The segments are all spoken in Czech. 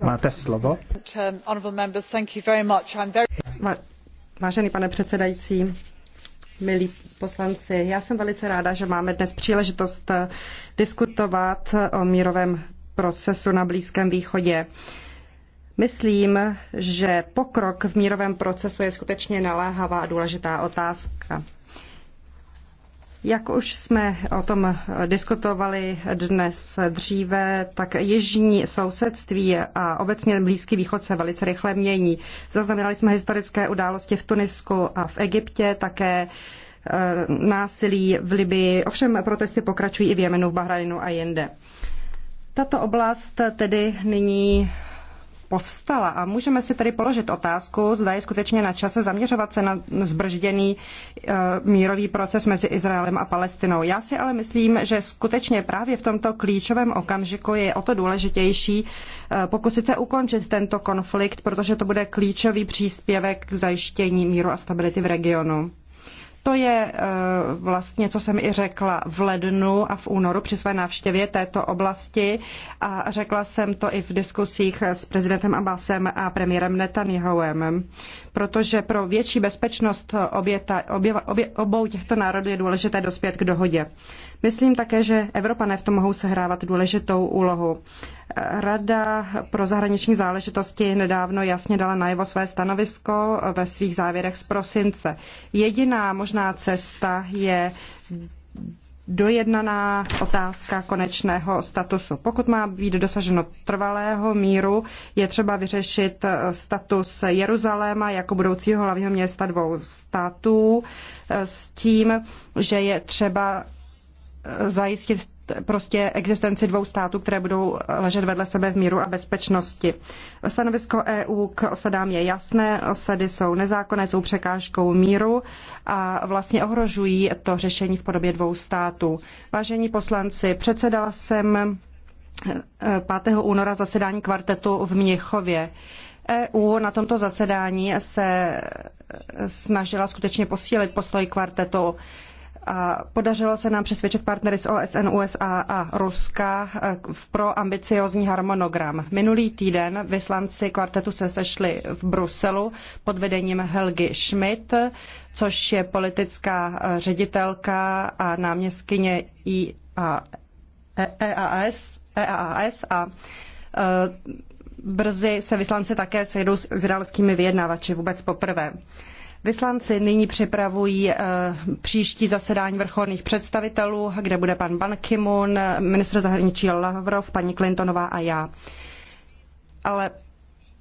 Máte slovo. Vážený pane předsedající, milí poslanci, já jsem velice ráda, že máme dnes příležitost diskutovat o mírovém procesu na Blízkém východě. Myslím, že pokrok v mírovém procesu je skutečně naléhavá a důležitá otázka. Jak už jsme o tom diskutovali dnes dříve, tak jižní sousedství a obecně Blízký východ se velice rychle mění. Zaznamenali jsme historické události v Tunisku a v Egyptě, také e, násilí v Libii. Ovšem protesty pokračují i v Jemenu, v Bahrajnu a jinde. Tato oblast tedy nyní povstala. A můžeme si tedy položit otázku, zda je skutečně na čase zaměřovat se na zbržděný e, mírový proces mezi Izraelem a Palestinou. Já si ale myslím, že skutečně právě v tomto klíčovém okamžiku je o to důležitější e, pokusit se ukončit tento konflikt, protože to bude klíčový příspěvek k zajištění míru a stability v regionu. To je eh, vlastně, co jsem i řekla v lednu a v únoru při své návštěvě této oblasti a řekla jsem to i v diskusích s prezidentem Abbasem a premiérem Netanyahuem protože pro větší bezpečnost oběta, obě, obě, obou těchto národů je důležité dospět k dohodě. Myslím také, že Evropané v tom mohou sehrávat důležitou úlohu. Rada pro zahraniční záležitosti nedávno jasně dala najevo své stanovisko ve svých závěrech z prosince. Jediná možná cesta je dojednaná otázka konečného statusu. Pokud má být dosaženo trvalého míru, je třeba vyřešit eh, status Jeruzaléma jako budoucího hlavního města dvou států eh, s tím, že je třeba eh, zajistit prostě existenci dvou států, které budou ležet vedle sebe v míru a bezpečnosti. Stanovisko EU k osadám je jasné, osady jsou nezákonné, jsou překážkou míru a vlastně ohrožují to řešení v podobě dvou států. Vážení poslanci, předsedala jsem 5. Eh, února zasedání kvartetu v Měchově. EU na tomto zasedání se snažila skutečně posílit postoj kvartetu a podařilo se nám přesvědčit partnery z OSN, USA a Ruska eh, pro ambiciozní harmonogram. Minulý týden vyslanci kvartetu se sešli v Bruselu pod vedením Helgy Schmidt, což je politická eh, ředitelka a náměstkyně EAS, EAS a e, e e eh, brzy se vyslanci také sejdou s izraelskými vyjednavači vůbec poprvé. Vyslanci nyní připravují eh, příští zasedání vrcholných představitelů, kde bude pan Ban Ki-moon, ministr zahraničí Lavrov, paní Clintonová a já. Ale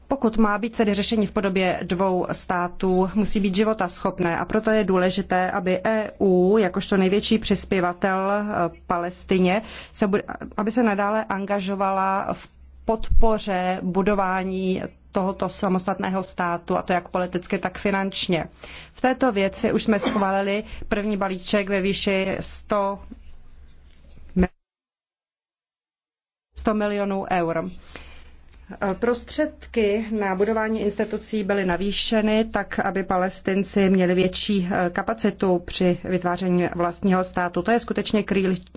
pokud má být tedy řešení v podobě dvou států, musí být života schopné a proto je důležité, aby EU, jakožto největší přispěvatel eh, Palestině, se bude, aby se nadále angažovala v podpoře budování tohoto samostatného státu, a to jak politicky, tak finančně. V této věci už jsme schválili první balíček ve výši 100, 100 milionů eur. Prostředky na budování institucí byly navýšeny tak, aby palestinci měli větší eh, kapacitu při vytváření vlastního státu. To je skutečně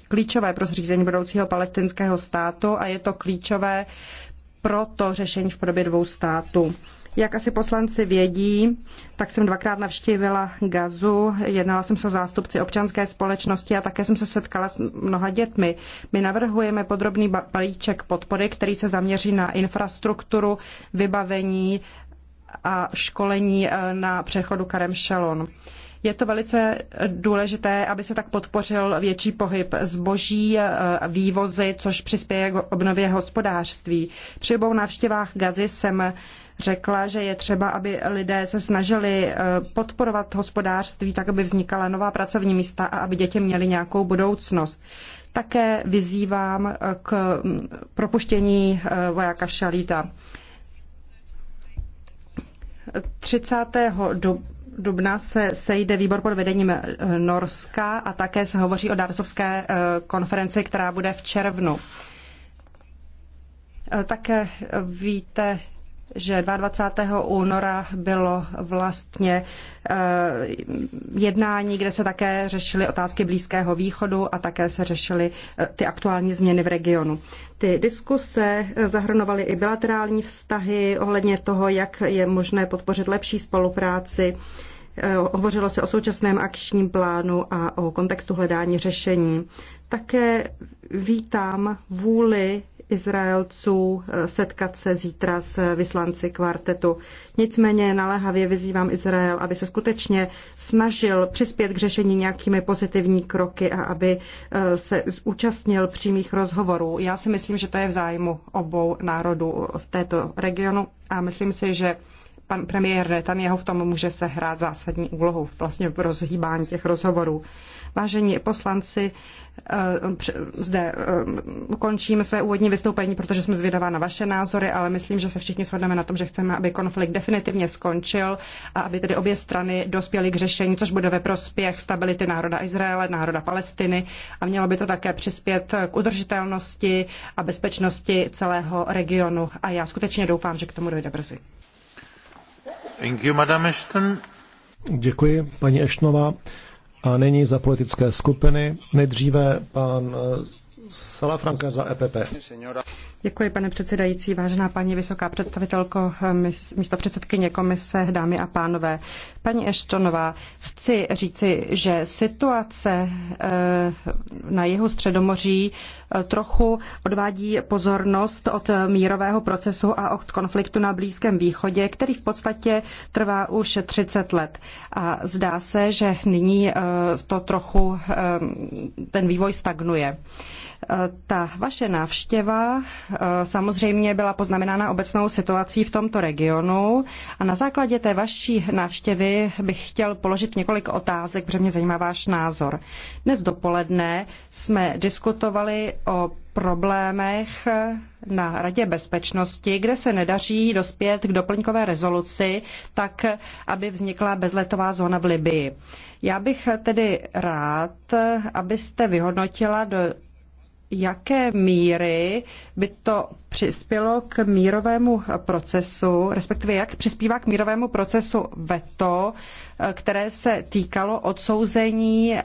klíčové pro zřízení budoucího palestinského státu a je to klíčové pro to řešení v podobě dvou států. Jak asi poslanci vědí, tak jsem dvakrát navštívila Gazu, jednala jsem se zástupci občanské společnosti a také jsem se setkala s mnoha dětmi. My navrhujeme podrobný balíček podpory, který se zaměří na infrastrukturu, vybavení a školení eh, na přechodu Karem Šelon. Je to velice důležité, aby se tak podpořil větší pohyb zboží, eh, vývozy, což přispěje k obnově hospodářství. Při obou návštěvách Gazy jsem řekla, že je třeba, aby lidé se snažili eh, podporovat hospodářství tak, aby vznikala nová pracovní místa a aby děti měly nějakou budoucnost. Také vyzývám eh, k mm, propuštění vojáka Šalída. 30 dubna se sejde výbor pod vedením eh, Norska a také se hovoří o dárcovské eh, konferenci, která bude v červnu. Eh, také víte, že 22. února bylo vlastně eh, jednání, kde se také řešily otázky Blízkého východu a také se řešily eh, ty aktuální změny v regionu. Ty diskuse zahrnovaly i bilaterální vztahy ohledně toho, jak je možné podpořit lepší spolupráci. Eh, hovořilo se o současném akčním plánu a o kontextu hledání řešení. Také vítám vůli Izraelců eh, setkat se zítra s eh, vyslanci kvartetu. Nicméně naléhavě vyzývám Izrael, aby se skutečně snažil přispět k řešení nějakými pozitivní kroky a aby eh, se zúčastnil přímých rozhovorů. Já si myslím, že to je v zájmu obou národů v této regionu a myslím si, že pan premiér Netanyahu v tom může se hrát zásadní úlohu vlastně v rozhýbání těch rozhovorů. Vážení poslanci, Eh, zde eh, ukončím své úvodní vystoupení, protože jsme zvědavá na vaše názory, ale myslím, že se všichni shodneme na tom, že chceme, aby konflikt definitivně skončil a aby tedy obě strany dospěly k řešení, což bude ve prospěch stability národa Izraele, národa Palestiny a mělo by to také přispět k udržitelnosti a bezpečnosti celého regionu. A já skutečně doufám, že k tomu dojde brzy. Thank you, Madam Ashton. Děkuji, paní Eštnová. A nyní za politické skupiny. Nejdříve pan eh, Salafranka za EPP. Děkuji, pane předsedající, vážená paní vysoká představitelko, eh, místo předsedkyně komise, dámy a pánové. Paní Eštonová, chci říci, že situace eh, na jihu Středomoří eh, trochu odvádí pozornost od mírového procesu a od konfliktu na Blízkém východě, který v podstatě trvá už 30 let. A zdá se, že nyní eh, to trochu ten vývoj stagnuje. Ta vaše návštěva samozřejmě byla poznamenána obecnou situací v tomto regionu a na základě té vaší návštěvy bych chtěl položit několik otázek, protože mě zajímá váš názor. Dnes dopoledne jsme diskutovali o problémech na Radě bezpečnosti, kde se nedaří dospět k doplňkové rezoluci tak, aby vznikla bezletová zóna v Libii. Já bych tedy rád, abyste vyhodnotila, do jaké míry by to přispělo k mírovému procesu, respektive jak přispívá k mírovému procesu veto, které se týkalo odsouzení ehm,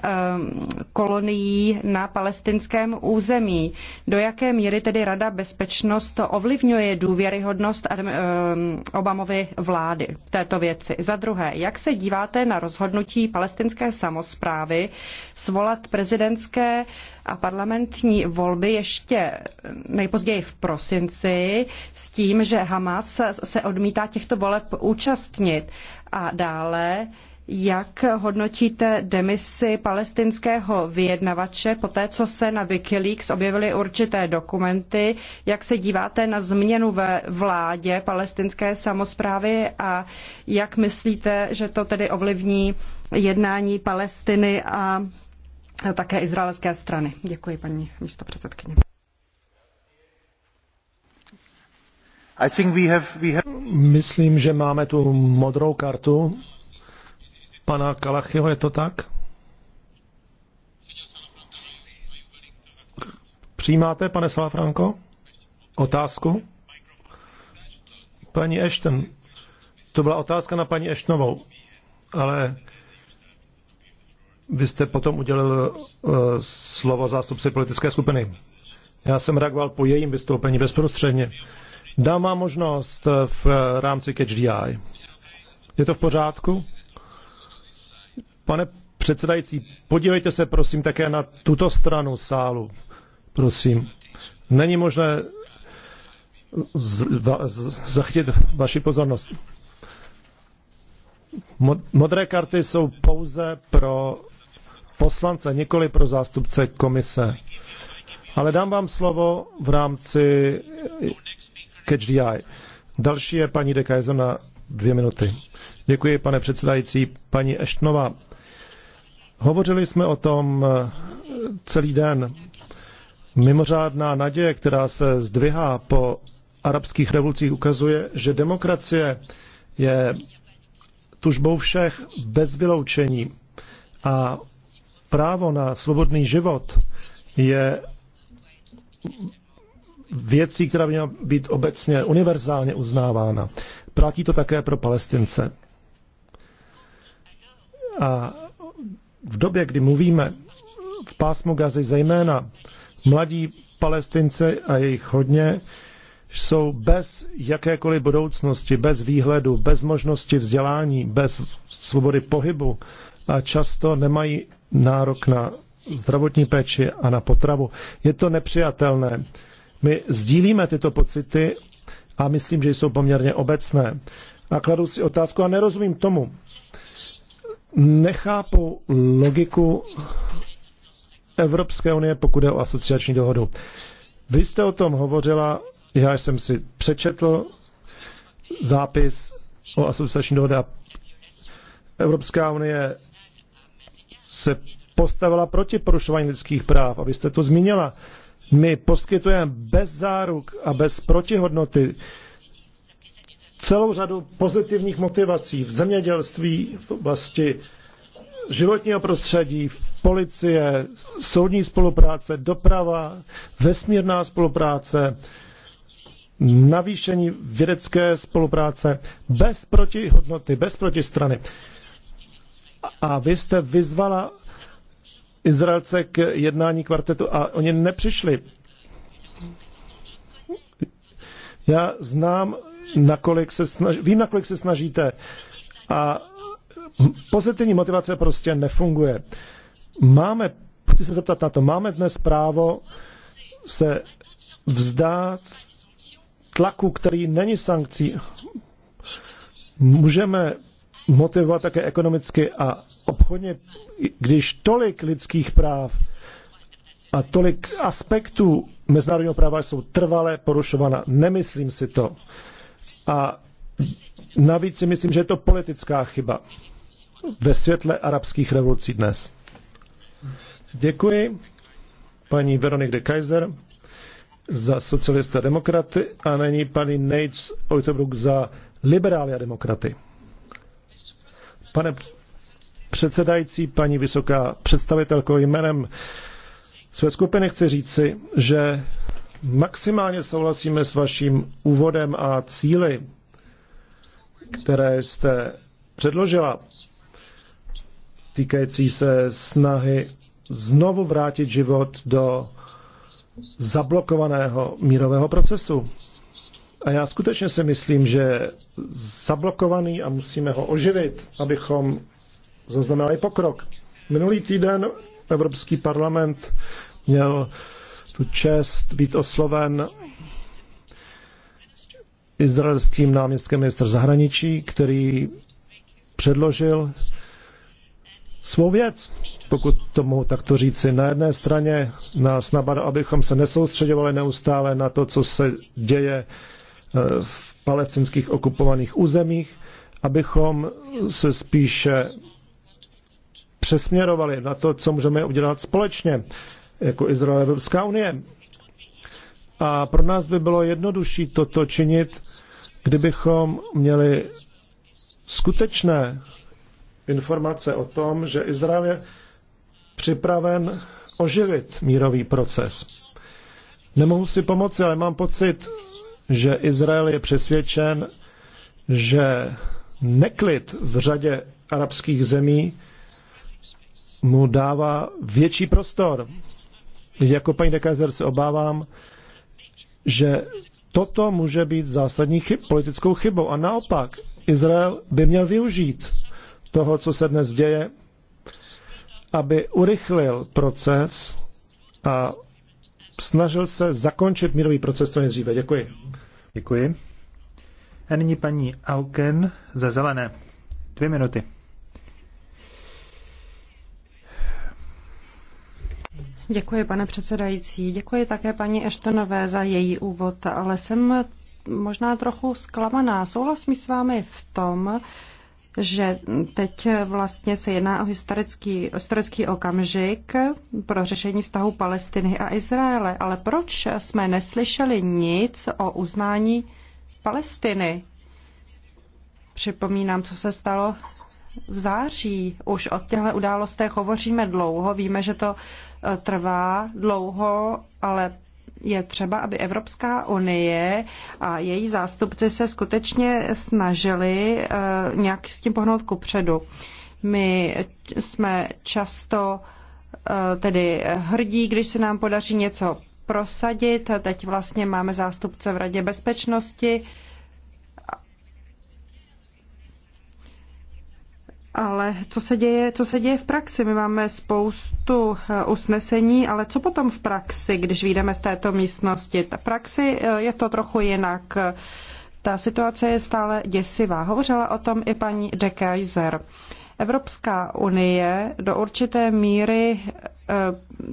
kolonií na palestinském území. Do jaké míry tedy Rada bezpečnost ovlivňuje důvěryhodnost ehm, Obamovy vlády v této věci? Za druhé, jak se díváte na rozhodnutí palestinské samozprávy svolat prezidentské a parlamentní volby ještě nejpozději v prosinci? Palestinci s tím, že Hamas se odmítá těchto voleb účastnit. A dále, jak hodnotíte demisi palestinského vyjednavače po té, co se na Wikileaks objevily určité dokumenty? Jak se díváte na změnu ve vládě palestinské samosprávy a jak myslíte, že to tedy ovlivní jednání Palestiny a také izraelské strany? Děkuji, paní místopředsedkyně. Myslím, že máme tu modrou kartu pana Kalachyho, je to tak? Přijímáte, pane Salafranco, otázku? Paní Ashton, to byla otázka na paní Eštnovou, ale vy jste potom udělil uh, slovo zástupci politické skupiny. Já jsem reagoval po jejím vystoupení bezprostředně. Uh, Dám vám možnost eh, v eh, rámci Catch Je to v pořádku? Pane předsedající, podívejte se prosím také na tuto stranu sálu. Prosím. Není možné zachytit vaši pozornost. Modré karty jsou pouze pro poslance, nikoli pro zástupce komise. Ale dám vám slovo v rámci Catch the Eye. Další je paní de Kajzem na dvě minuty. Děkuji, pane předsedající. Paní Eštnova, hovořili jsme o tom eh, celý den. Mimořádná naděje, která se zdvihá po arabských revolucích, ukazuje, že demokracie je tužbou všech bez vyloučení. A právo na svobodný život je věcí, která by měla být obecně univerzálně uznávána. Platí to také pro Palestince. A v době, kdy mluvíme v pásmu Gazy, zejména mladí Palestince a jejich hodně, jsou bez jakékoliv budoucnosti, bez výhledu, bez možnosti vzdělání, bez svobody pohybu a často nemají nárok na zdravotní péči a na potravu. Je to nepřijatelné. My sdílíme tyto pocity a myslím, že jsou poměrně obecné. A kladu si otázku a nerozumím tomu. Nechápu logiku Evropské unie, pokud je o asociační dohodu. Vy jste o tom hovořila, já jsem si přečetl zápis o asociační dohodě a Evropská unie se postavila proti porušování lidských práv, abyste to zmínila my poskytujeme bez záruk a bez protihodnoty celou řadu pozitivních motivací v zemědělství, v oblasti životního prostředí, policie, soudní spolupráce, doprava, vesmírná spolupráce, navýšení vědecké spolupráce bez protihodnoty, bez protistrany. A vy jste vyzvala Izraelce k jednání kvartetu a oni nepřišli. Já znám, nakolik se snaží, vím, nakolik se snažíte a pozitivní motivace prostě nefunguje. Máme, chci se zeptat na to, máme dnes právo se vzdát tlaku, který není sankcí. Můžeme motivovat také ekonomicky a obchodně, když tolik lidských práv a tolik aspektů mezinárodního práva jsou trvalé porušována. Nemyslím si to. A navíc si myslím, že je to politická chyba ve světle arabských revolucí dnes. Děkuji paní Veronik de Kaiser za socialista demokraty a není paní Nates Oitobruck za liberály a demokraty. Pane předsedající, paní vysoká představitelko, jménem své skupiny chci říci, že maximálně souhlasíme s vaším úvodem a cíly, které jste předložila, týkající se snahy znovu vrátit život do zablokovaného mírového procesu. A já skutečně si myslím, že zablokovaný a musíme ho oživit, abychom zaznamenal i pokrok. Minulý týden Evropský parlament měl tu čest být osloven izraelským náměstkem ministr zahraničí, který předložil svou věc, pokud to mohu takto říci. Na jedné straně nás nabadal, abychom se nesoustředovali neustále na to, co se děje eh, v palestinských okupovaných územích, abychom se spíše přesměrovali na to, co můžeme udělat společně, jako Izrael a Evropská unie. A pro nás by bylo jednodušší toto činit, kdybychom měli skutečné informace o tom, že Izrael je připraven oživit mírový proces. Nemohu si pomoci, ale mám pocit, že Izrael je přesvědčen, že neklid v řadě arabských zemí mu dává větší prostor. Jako paní Dekazer se obávám, že toto může být zásadní chyb, politickou chybou. A naopak, Izrael by měl využít toho, co se dnes děje, aby urychlil proces a snažil se zakončit mírový proces co nejdříve. Děkuji. Děkuji. A nyní paní Auken za zelené. Dvě minuty. Děkuji, pane předsedající. Děkuji také paní Eštonové za její úvod, ale jsem možná trochu zklamaná. Souhlasím s vámi v tom, že teď vlastně se jedná o historický, historický okamžik pro řešení vztahu Palestiny a Izraele. Ale proč jsme neslyšeli nic o uznání Palestiny? Připomínám, co se stalo v září. Už o těchto událostech hovoříme dlouho, víme, že to eh, trvá dlouho, ale je třeba, aby Evropská unie a její zástupci se skutečně snažili eh, nějak s tím pohnout kupředu. My jsme často eh, tedy hrdí, když se nám podaří něco prosadit. Teď vlastně máme zástupce v Radě bezpečnosti, ale co se děje, co se děje v praxi? My máme spoustu eh, usnesení, ale co potom v praxi, když vyjdeme z této místnosti? Ta praxi eh, je to trochu jinak. Ta situace je stále děsivá. Hovořila o tom i paní de Kaiser. Evropská unie do určité míry eh,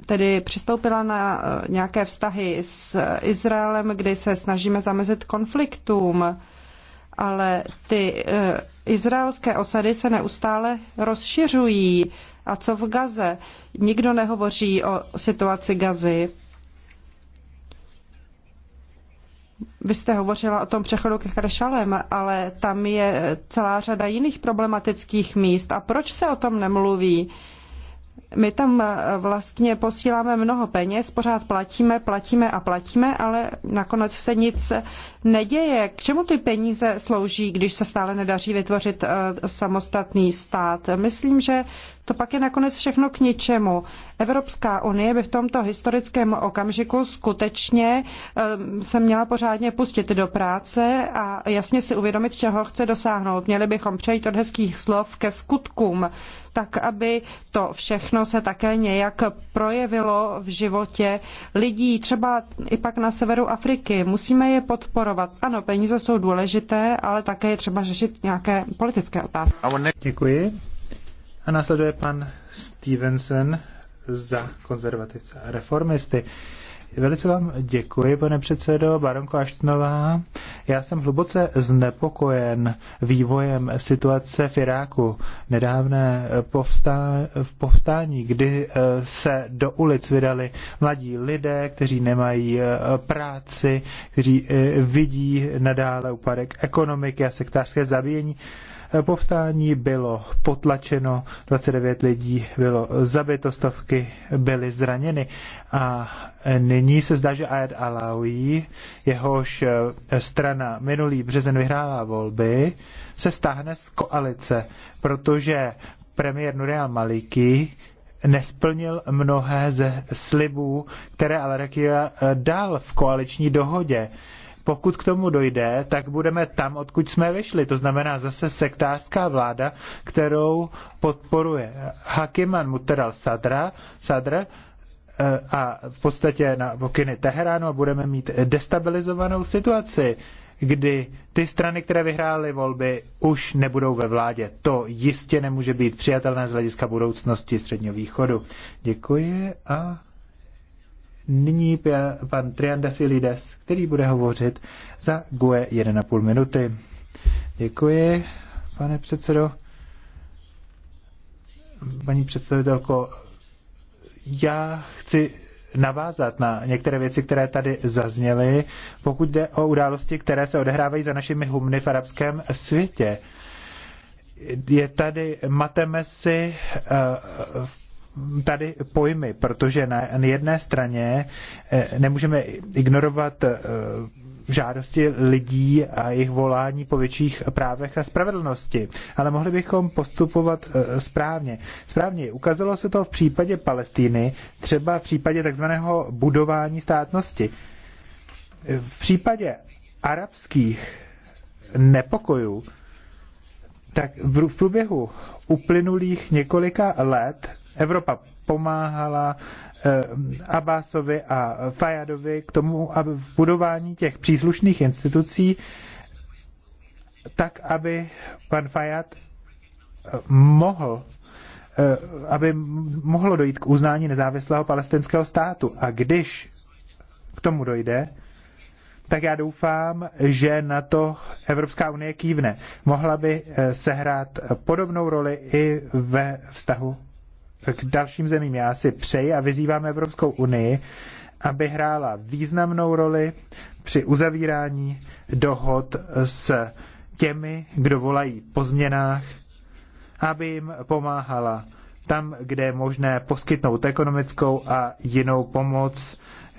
tedy přistoupila na nějaké vztahy s Izraelem, kdy se snažíme zamezit konfliktům ale ty eh, izraelské osady se neustále rozšiřují. A co v Gaze? Nikdo nehovoří o situaci Gazy. Vy jste hovořila o tom přechodu ke Kršalem, ale tam je celá řada jiných problematických míst. A proč se o tom nemluví? my tam eh, vlastně posíláme mnoho peněz, pořád platíme, platíme a platíme, ale nakonec se nic neděje. K čemu ty peníze slouží, když se stále nedaří vytvořit eh, samostatný stát? Myslím, že to pak je nakonec všechno k ničemu. Evropská unie by v tomto historickém okamžiku skutečně eh, se měla pořádně pustit do práce a jasně si uvědomit, čeho chce dosáhnout. Měli bychom přejít od hezkých slov ke skutkům tak aby to všechno se také nějak projevilo v životě lidí, třeba i pak na severu Afriky. Musíme je podporovat. Ano, peníze jsou důležité, ale také je třeba řešit nějaké politické otázky. Děkuji. A následuje pan Stevenson za konzervativce a reformisty. Velice vám děkuji, pane předsedo Baronko Aštnová. Já jsem hluboce znepokojen vývojem situace v Iráku. Nedávné povstá, v povstání, kdy eh, se do ulic vydali mladí lidé, kteří nemají eh, práci, kteří eh, vidí nadále úpadek ekonomiky a sektářské zabíjení. Eh, povstání bylo potlačeno, 29 lidí bylo zabito, stovky byly zraněny a eh, nyní se zdá, že Ayed Alawi, jehož eh, strana minulý březen vyhrála volby, se stáhne z koalice, protože premiér Nuriel Maliki nesplnil mnohé ze slibů, které al dal v koaliční dohodě. Pokud k tomu dojde, tak budeme tam, odkud jsme vyšli. To znamená zase sektářská vláda, kterou podporuje Hakiman Muteral Sadra, Sadra eh, a v podstatě na pokyny Teheránu a budeme mít destabilizovanou situaci kdy ty strany, které vyhrály volby, už nebudou ve vládě. To jistě nemůže být přijatelné z hlediska budoucnosti Středního východu. Děkuji a Nyní pan Triandafilides, který bude hovořit za GUE 1,5 minuty. Děkuji, pane předsedo. Paní představitelko, já chci navázat na některé věci, které tady zazněly, pokud jde o události, které se odehrávají za našimi humny v arabském světě. Je tady Matemesi v eh, tady pojmy, protože na jedné straně eh, nemůžeme ignorovat eh, žádosti lidí a jejich volání po větších právech a spravedlnosti. Ale mohli bychom postupovat eh, správně. Správně. Ukázalo se to v případě Palestíny, třeba v případě takzvaného budování státnosti. V případě arabských nepokojů, tak v průběhu uplynulých několika let Evropa pomáhala eh, Abbasovi a Fajadovi k tomu, aby v budování těch příslušných institucí, tak aby pan Fajad eh, mohl eh, aby mohlo dojít k uznání nezávislého palestinského státu. A když k tomu dojde, tak já doufám, že na to Evropská unie kývne. Mohla by sehrát podobnou roli i ve vztahu k dalším zemím. Já si přeji a vyzývám Evropskou unii, aby hrála významnou roli při uzavírání dohod s těmi, kdo volají po změnách, aby jim pomáhala tam, kde je možné poskytnout ekonomickou a jinou pomoc,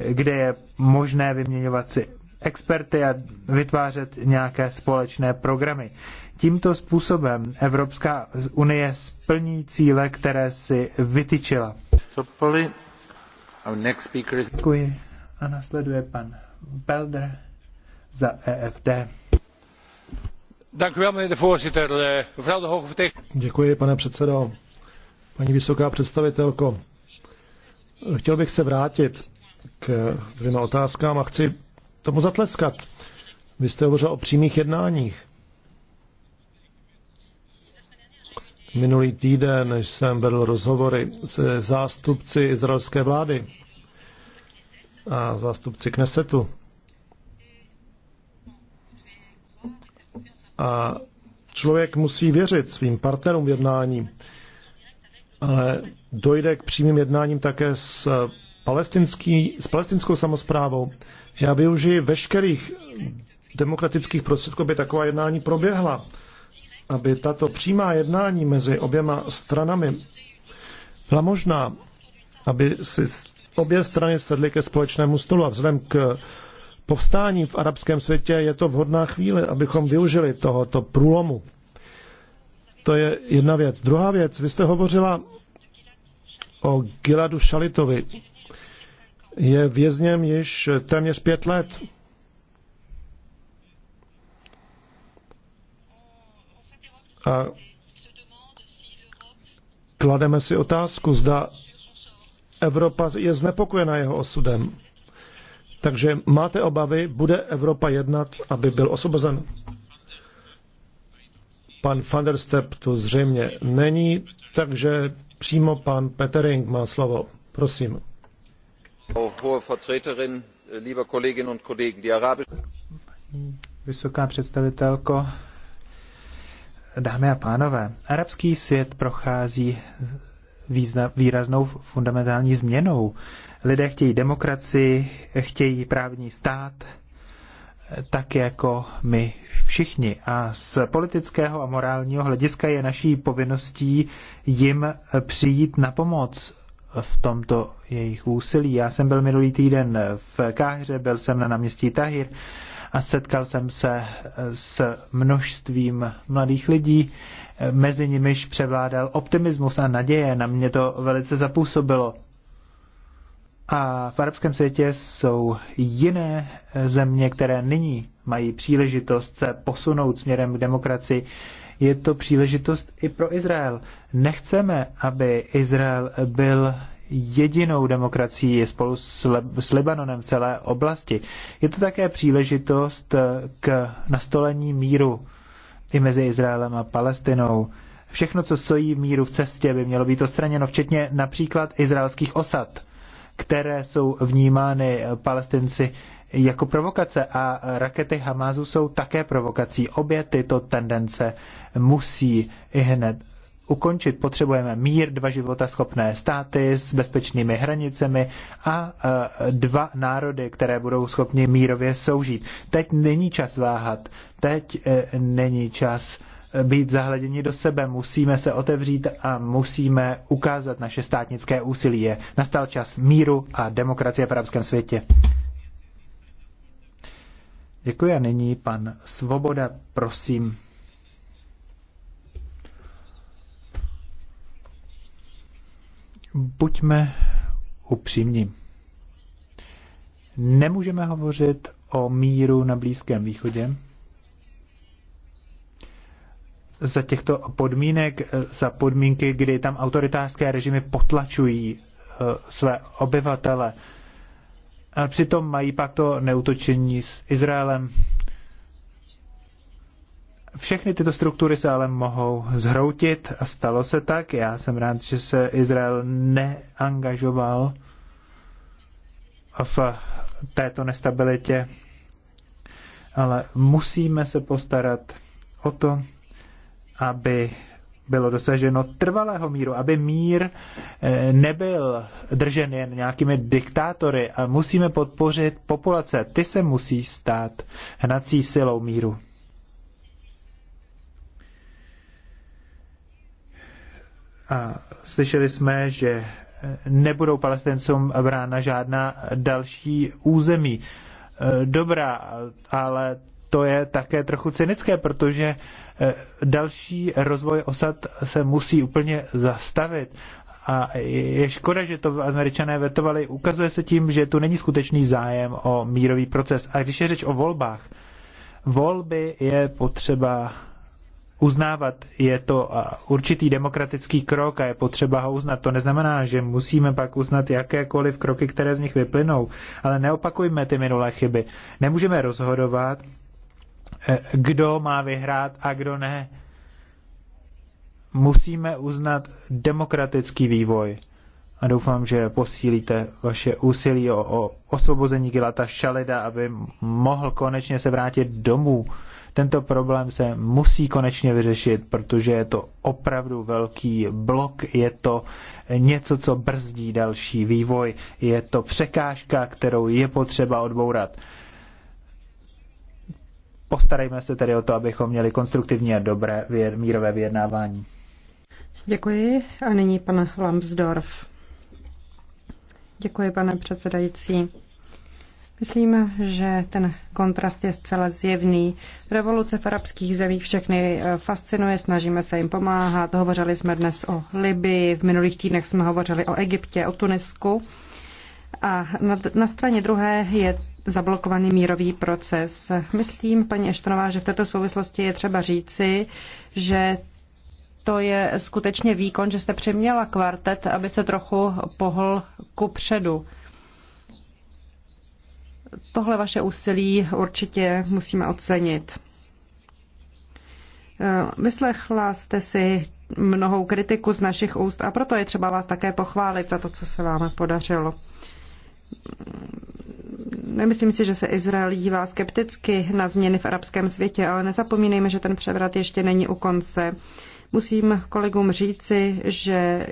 kde je možné vyměňovat si experty a vytvářet nějaké společné programy. Tímto způsobem Evropská unie splní cíle, které si vytyčila. Děkuji. A nasleduje pan Belder za EFD. Eh, Děkuji, pane předsedo. Paní vysoká představitelko, chtěl bych se vrátit k dvěma otázkám a chci tomu zatleskat. Vy jste hovořil o přímých jednáních. Minulý týden jsem vedl rozhovory se zástupci izraelské vlády a zástupci Knesetu. A člověk musí věřit svým partnerům v jednání, ale dojde k přímým jednáním také s, palestinský, s palestinskou samozprávou já využiji veškerých demokratických prostředků, aby taková jednání proběhla, aby tato přímá jednání mezi oběma stranami byla možná, aby si obě strany sedly ke společnému stolu a vzhledem k povstání v arabském světě je to vhodná chvíle, abychom využili tohoto průlomu. To je jedna věc. Druhá věc, vy jste hovořila o Giladu Šalitovi, je vězněm již téměř pět let. A klademe si otázku, zda Evropa je znepokojena jeho osudem. Takže máte obavy, bude Evropa jednat, aby byl osobozen? Pan van der Step tu zřejmě není, takže přímo pan Petering má slovo. Prosím. Vysoká představitelko, dámy a pánové, arabský svět prochází význam, výraznou fundamentální změnou. Lidé chtějí demokracii, chtějí právní stát, tak jako my všichni. A z politického a morálního hlediska je naší povinností jim přijít na pomoc v tomto jejich úsilí. Já jsem byl minulý týden v Káhře, byl jsem na náměstí Tahir a setkal jsem se s množstvím mladých lidí, mezi nimiž převládal optimismus a naděje. Na mě to velice zapůsobilo. A v arabském světě jsou jiné země, které nyní mají příležitost se posunout směrem k demokracii je to příležitost i pro Izrael. Nechceme, aby Izrael byl jedinou demokracií spolu s Libanonem v celé oblasti. Je to také příležitost k nastolení míru i mezi Izraelem a Palestinou. Všechno, co stojí míru v cestě, by mělo být odstraněno, včetně například izraelských osad, které jsou vnímány palestinci jako provokace a rakety Hamázu jsou také provokací. Obě tyto tendence musí i hned ukončit. Potřebujeme mír, dva života schopné státy s bezpečnými hranicemi a e, dva národy, které budou schopni mírově soužít. Teď není čas váhat, teď e, není čas e, být zahleděni do sebe, musíme se otevřít a musíme ukázat naše státnické úsilí. Je nastal čas míru a demokracie v arabském světě. Děkuji a nyní pan Svoboda, prosím. Buďme upřímní. Nemůžeme hovořit o míru na Blízkém východě. Za těchto podmínek, za podmínky, kdy tam autoritářské režimy potlačují eh, své obyvatele, ale přitom mají pak to neutočení s Izraelem. Všechny tyto struktury se ale mohou zhroutit a stalo se tak. Já jsem rád, že se Izrael neangažoval v této nestabilitě, ale musíme se postarat o to, aby bylo dosaženo trvalého míru, aby mír eh, nebyl držen jen nějakými diktátory a musíme podpořit populace. Ty se musí stát hnací silou míru. A slyšeli jsme, že eh, nebudou palestincům brána žádná další území. Eh, dobrá, ale to je také trochu cynické, protože Eh, další rozvoj osad se musí úplně zastavit. A je škoda, že to američané vetovali. Ukazuje se tím, že tu není skutečný zájem o mírový proces. A když je řeč o volbách, volby je potřeba uznávat. Je to eh, určitý demokratický krok a je potřeba ho uznat. To neznamená, že musíme pak uznat jakékoliv kroky, které z nich vyplynou. Ale neopakujme ty minulé chyby. Nemůžeme rozhodovat Eh, kdo má vyhrát a kdo ne. Musíme uznat demokratický vývoj a doufám, že posílíte vaše úsilí o, o osvobození Gilata Šalida, aby mohl konečně se vrátit domů. Tento problém se musí konečně vyřešit, protože je to opravdu velký blok, je to něco, co brzdí další vývoj, je to překážka, kterou je potřeba odbourat postarejme se tedy o to, abychom měli konstruktivní a dobré mírové vyjednávání. Děkuji. A nyní pan Lambsdorff. Děkuji, pane předsedající. Myslím, že ten kontrast je zcela zjevný. Revoluce v arabských zemích všechny eh, fascinuje, snažíme se jim pomáhat. Hovořili jsme dnes o Libii, v minulých týdnech jsme hovořili o Egyptě, o Tunisku. A na, na straně druhé je zablokovaný mírový proces. Myslím, paní Eštonová, že v této souvislosti je třeba říci, že to je skutečně výkon, že jste přiměla kvartet, aby se trochu pohl ku předu. Tohle vaše úsilí určitě musíme ocenit. Vyslechla jste si mnohou kritiku z našich úst a proto je třeba vás také pochválit za to, co se vám podařilo. Nemyslím si, že se Izrael dívá skepticky na změny v arabském světě, ale nezapomínejme, že ten převrat ještě není u konce. Musím kolegům říci, že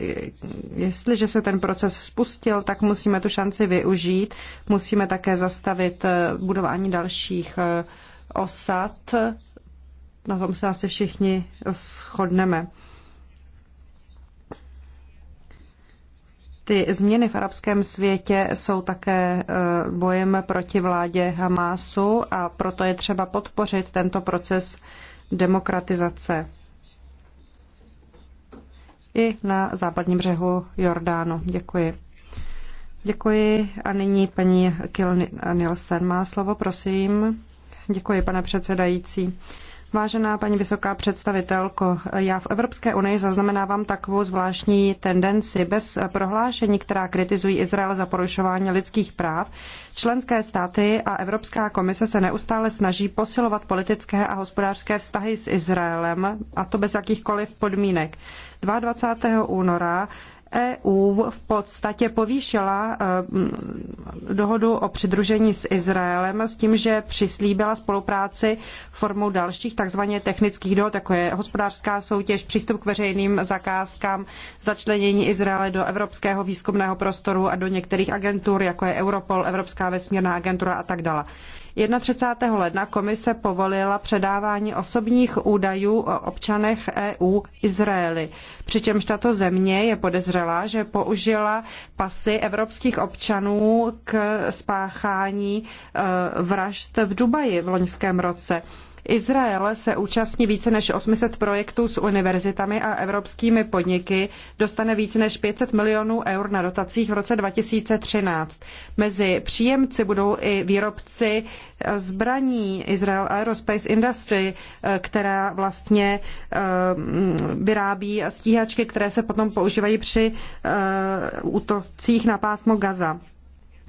jestliže se ten proces spustil, tak musíme tu šanci využít. Musíme také zastavit eh, budování dalších eh, osad. Na tom se asi všichni shodneme. Ty změny v arabském světě jsou také eh, bojem proti vládě Hamásu a proto je třeba podpořit tento proces demokratizace i na západním břehu Jordánu. Děkuji. Děkuji a nyní paní Kil Nielsen má slovo, prosím. Děkuji, pane předsedající. Vážená paní vysoká představitelko, já v Evropské unii zaznamenávám takovou zvláštní tendenci. Bez prohlášení, která kritizují Izrael za porušování lidských práv, členské státy a Evropská komise se neustále snaží posilovat politické a hospodářské vztahy s Izraelem, a to bez jakýchkoliv podmínek. 22. února EU v podstatě povýšila eh, dohodu o přidružení s Izraelem s tím, že přislíbila spolupráci formou dalších takzvaně technických dohod, jako je hospodářská soutěž, přístup k veřejným zakázkám, začlenění Izraele do evropského výzkumného prostoru a do některých agentur, jako je Europol, Evropská vesmírná agentura a tak dále. 31. ledna komise povolila předávání osobních údajů o občanech EU Izraeli, přičemž tato země je podezřelá, že použila pasy evropských občanů k spáchání eh, vražd v Dubaji v loňském roce. Izrael se účastní více než 800 projektů s univerzitami a evropskými podniky, dostane více než 500 milionů eur na dotacích v roce 2013. Mezi příjemci budou i výrobci eh, zbraní Israel Aerospace Industry, eh, která vlastně eh, vyrábí stíhačky, které se potom používají při útocích na pásmo Gaza.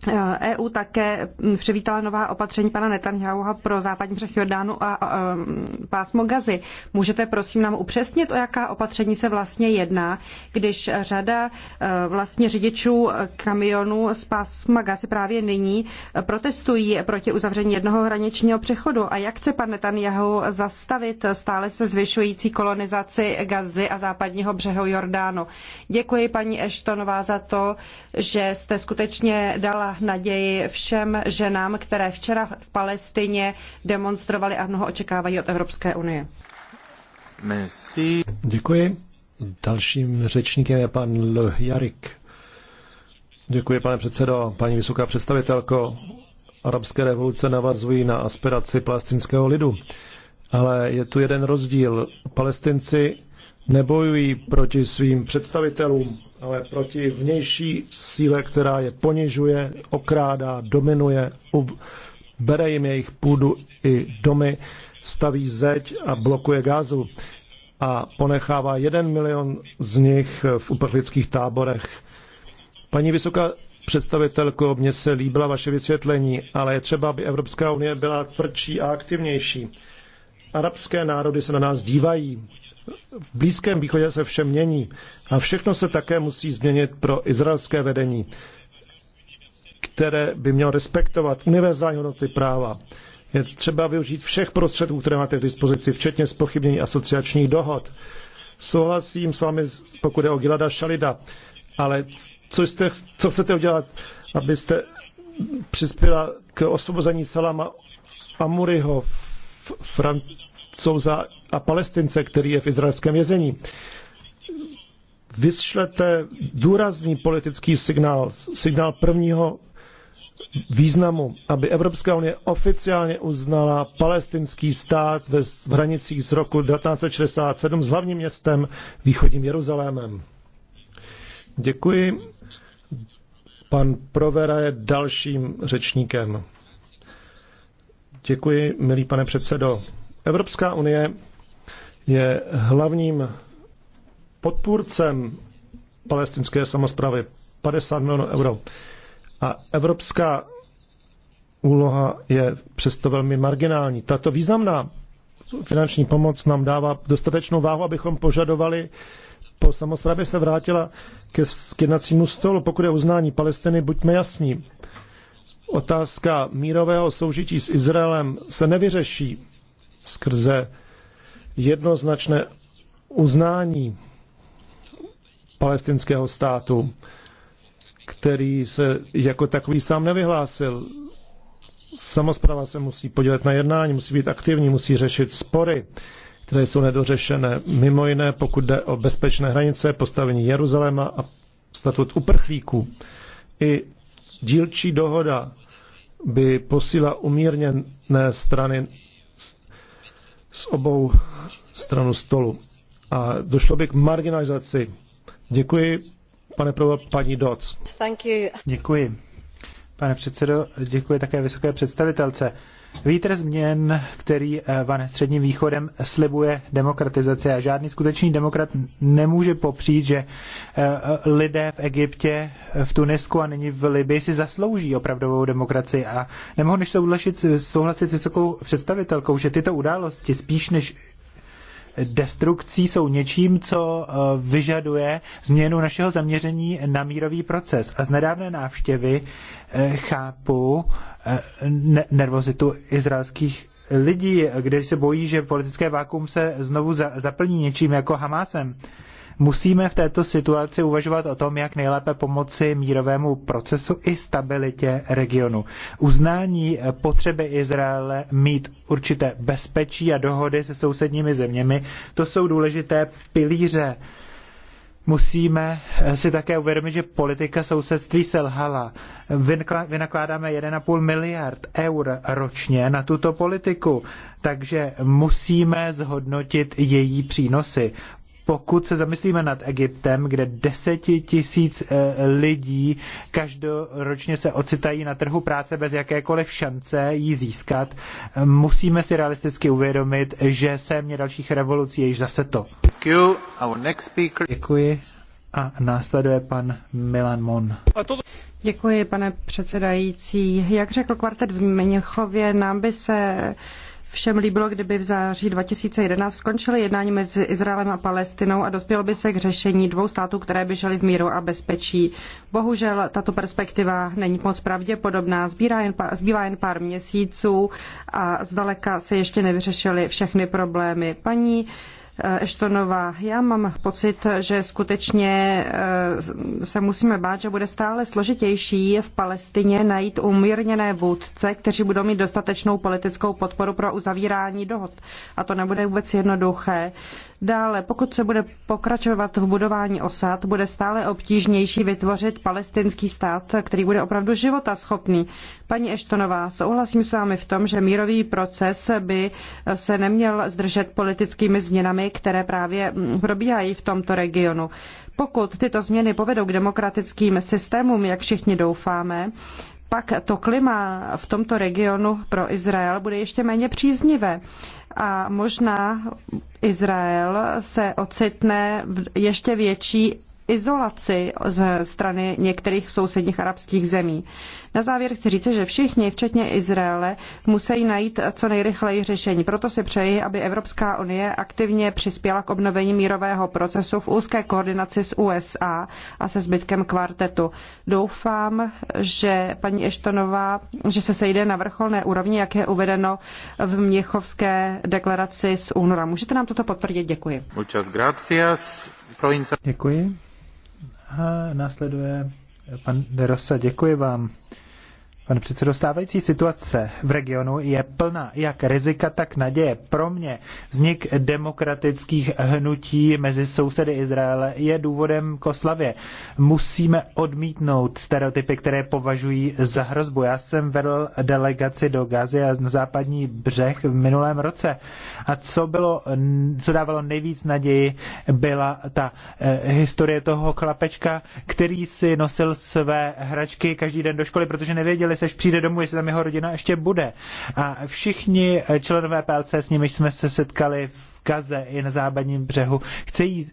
EU eh, e také mm, přivítala nová opatření pana Netanyahu pro západní břeh Jordánu a, a pásmo Gazy. Můžete prosím nám upřesnit, o jaká opatření se vlastně jedná, když řada eh, vlastně řidičů kamionů z pásma Gazy právě nyní eh, protestují proti uzavření jednoho hraničního přechodu a jak chce pan Netanyahu zastavit stále se zvyšující kolonizaci Gazy a západního břehu Jordánu. Děkuji paní Eštonová za to, že jste skutečně dala naději všem ženám, které včera v Palestině demonstrovali a mnoho očekávají od Evropské unie. Merci. Děkuji. Dalším řečníkem je pan L. Jarik. Děkuji, pane předsedo. Paní vysoká představitelko, arabské revoluce navazují na aspiraci palestinského lidu. Ale je tu jeden rozdíl. Palestinci nebojují proti svým představitelům, ale proti vnější síle, která je ponižuje, okrádá, dominuje, ub- bere jim jejich půdu i domy, staví zeď a blokuje gázu a ponechává jeden milion z nich v uprchlických táborech. Paní vysoká představitelko, mně se líbila vaše vysvětlení, ale je třeba, aby Evropská unie byla tvrdší a aktivnější. Arabské národy se na nás dívají v Blízkém východě se vše mění a všechno se také musí změnit pro izraelské vedení, které by mělo respektovat univerzální hodnoty práva. Je třeba využít všech prostředků, které máte k dispozici, včetně spochybnění asociačních dohod. Souhlasím s vámi, pokud je o Gilada Šalida, ale co, jste, co chcete udělat, abyste přispěla k osvobození Salama Amuriho, Fran- Souza a Palestince, který je v izraelském vězení. Vyšlete důrazný politický signál, signál prvního významu, aby Evropská unie oficiálně uznala palestinský stát ve hranicích z roku 1967 s hlavním městem východním Jeruzalémem. Děkuji. Pan Provera je dalším řečníkem. Děkuji, milý pane předsedo. Evropská unie je hlavním podpůrcem palestinské samozprávy 50 milionů euro. A evropská úloha je přesto velmi marginální. Tato významná finanční pomoc nám dává dostatečnou váhu, abychom požadovali po samozprávě se vrátila ke, k jednacímu stolu. Pokud je uznání Palestiny, buďme jasní. Otázka mírového soužití s Izraelem se nevyřeší skrze jednoznačné uznání palestinského státu, který se jako takový sám nevyhlásil. Samozpráva se musí podílet na jednání, musí být aktivní, musí řešit spory, které jsou nedořešené. Mimo jiné, pokud jde o bezpečné hranice, postavení Jeruzaléma a statut uprchlíků. I dílčí dohoda by posíla umírněné strany z obou stranu stolu. A došlo by k marginalizaci. Děkuji, pane pro paní Doc. Děkuji. Pane předsedo, děkuji také vysoké představitelce. Vítr změn, který vane eh, středním východem slibuje demokratizace a žádný skutečný demokrat nemůže popřít, že eh, lidé v Egyptě, eh, v Tunisku a nyní v Libii si zaslouží opravdovou demokracii a nemohu než souhlasit, souhlasit s vysokou představitelkou, že tyto události spíš než destrukcí jsou něčím, co eh, vyžaduje změnu našeho zaměření na mírový proces. A z nedávné návštěvy eh, chápu eh, nervozitu izraelských lidí, kde se bojí, že politické vákum se znovu zaplní něčím jako Hamásem. Musíme v této situaci uvažovat o tom, jak nejlépe pomoci mírovému procesu i stabilitě regionu. Uznání potřeby Izraele mít určité bezpečí a dohody se sousedními zeměmi, to jsou důležité pilíře Musíme si také uvědomit, že politika sousedství selhala. Vynakládáme 1,5 miliard eur ročně na tuto politiku, takže musíme zhodnotit její přínosy pokud se zamyslíme nad Egyptem, kde deseti tisíc eh, lidí každoročně se ocitají na trhu práce bez jakékoliv šance ji získat, musíme si realisticky uvědomit, že mě dalších revolucí je již zase to. Děkuji. A následuje pan Milan Mon. Děkuji, pane předsedající. Jak řekl kvartet v Měchově, nám by se všem líbilo, kdyby v září 2011 skončily jednání mezi Izraelem a Palestinou a dospělo by se k řešení dvou států, které by žily v míru a bezpečí. Bohužel tato perspektiva není moc pravděpodobná. Zbývá jen, pár, zbývá jen pár měsíců a zdaleka se ještě nevyřešily všechny problémy. Paní Eh, Eštonová. Já mám pocit, že skutečně eh, se musíme bát, že bude stále složitější v Palestině najít umírněné vůdce, kteří budou mít dostatečnou politickou podporu pro uzavírání dohod. A to nebude vůbec jednoduché. Dále, pokud se bude pokračovat v budování osad, bude stále obtížnější vytvořit palestinský stát, který bude opravdu života schopný. Paní Eštonová, souhlasím s vámi v tom, že mírový proces by se neměl zdržet politickými změnami, které právě probíhají v tomto regionu. Pokud tyto změny povedou k demokratickým systémům, jak všichni doufáme, pak to klima v tomto regionu pro Izrael bude ještě méně příznivé a možná Izrael se ocitne v ještě větší izolaci ze strany některých sousedních arabských zemí. Na závěr chci říct, že všichni, včetně Izraele, musí najít co nejrychleji řešení. Proto si přeji, aby Evropská unie aktivně přispěla k obnovení mírového procesu v úzké koordinaci s USA a se zbytkem kvartetu. Doufám, že paní Eštonová, že se sejde na vrcholné úrovni, jak je uvedeno v Měchovské deklaraci z února. Můžete nám toto potvrdit? Děkuji. Děkuji. A následuje pan Derosa. Děkuji vám. Pane předsedo, stávající situace v regionu je plná jak rizika, tak naděje. Pro mě vznik demokratických hnutí mezi sousedy Izraele je důvodem k oslavě. Musíme odmítnout stereotypy, které považují za hrozbu. Já jsem vedl delegaci do Gazy a na západní břeh v minulém roce. A co, bylo, co dávalo nejvíc naději, byla ta eh, historie toho chlapečka, který si nosil své hračky každý den do školy, protože nevěděli, Boris, až přijde domů, jestli tam jeho rodina ještě bude. A všichni členové PLC, s nimi jsme se setkali Gaze i na západním břehu, chcejí,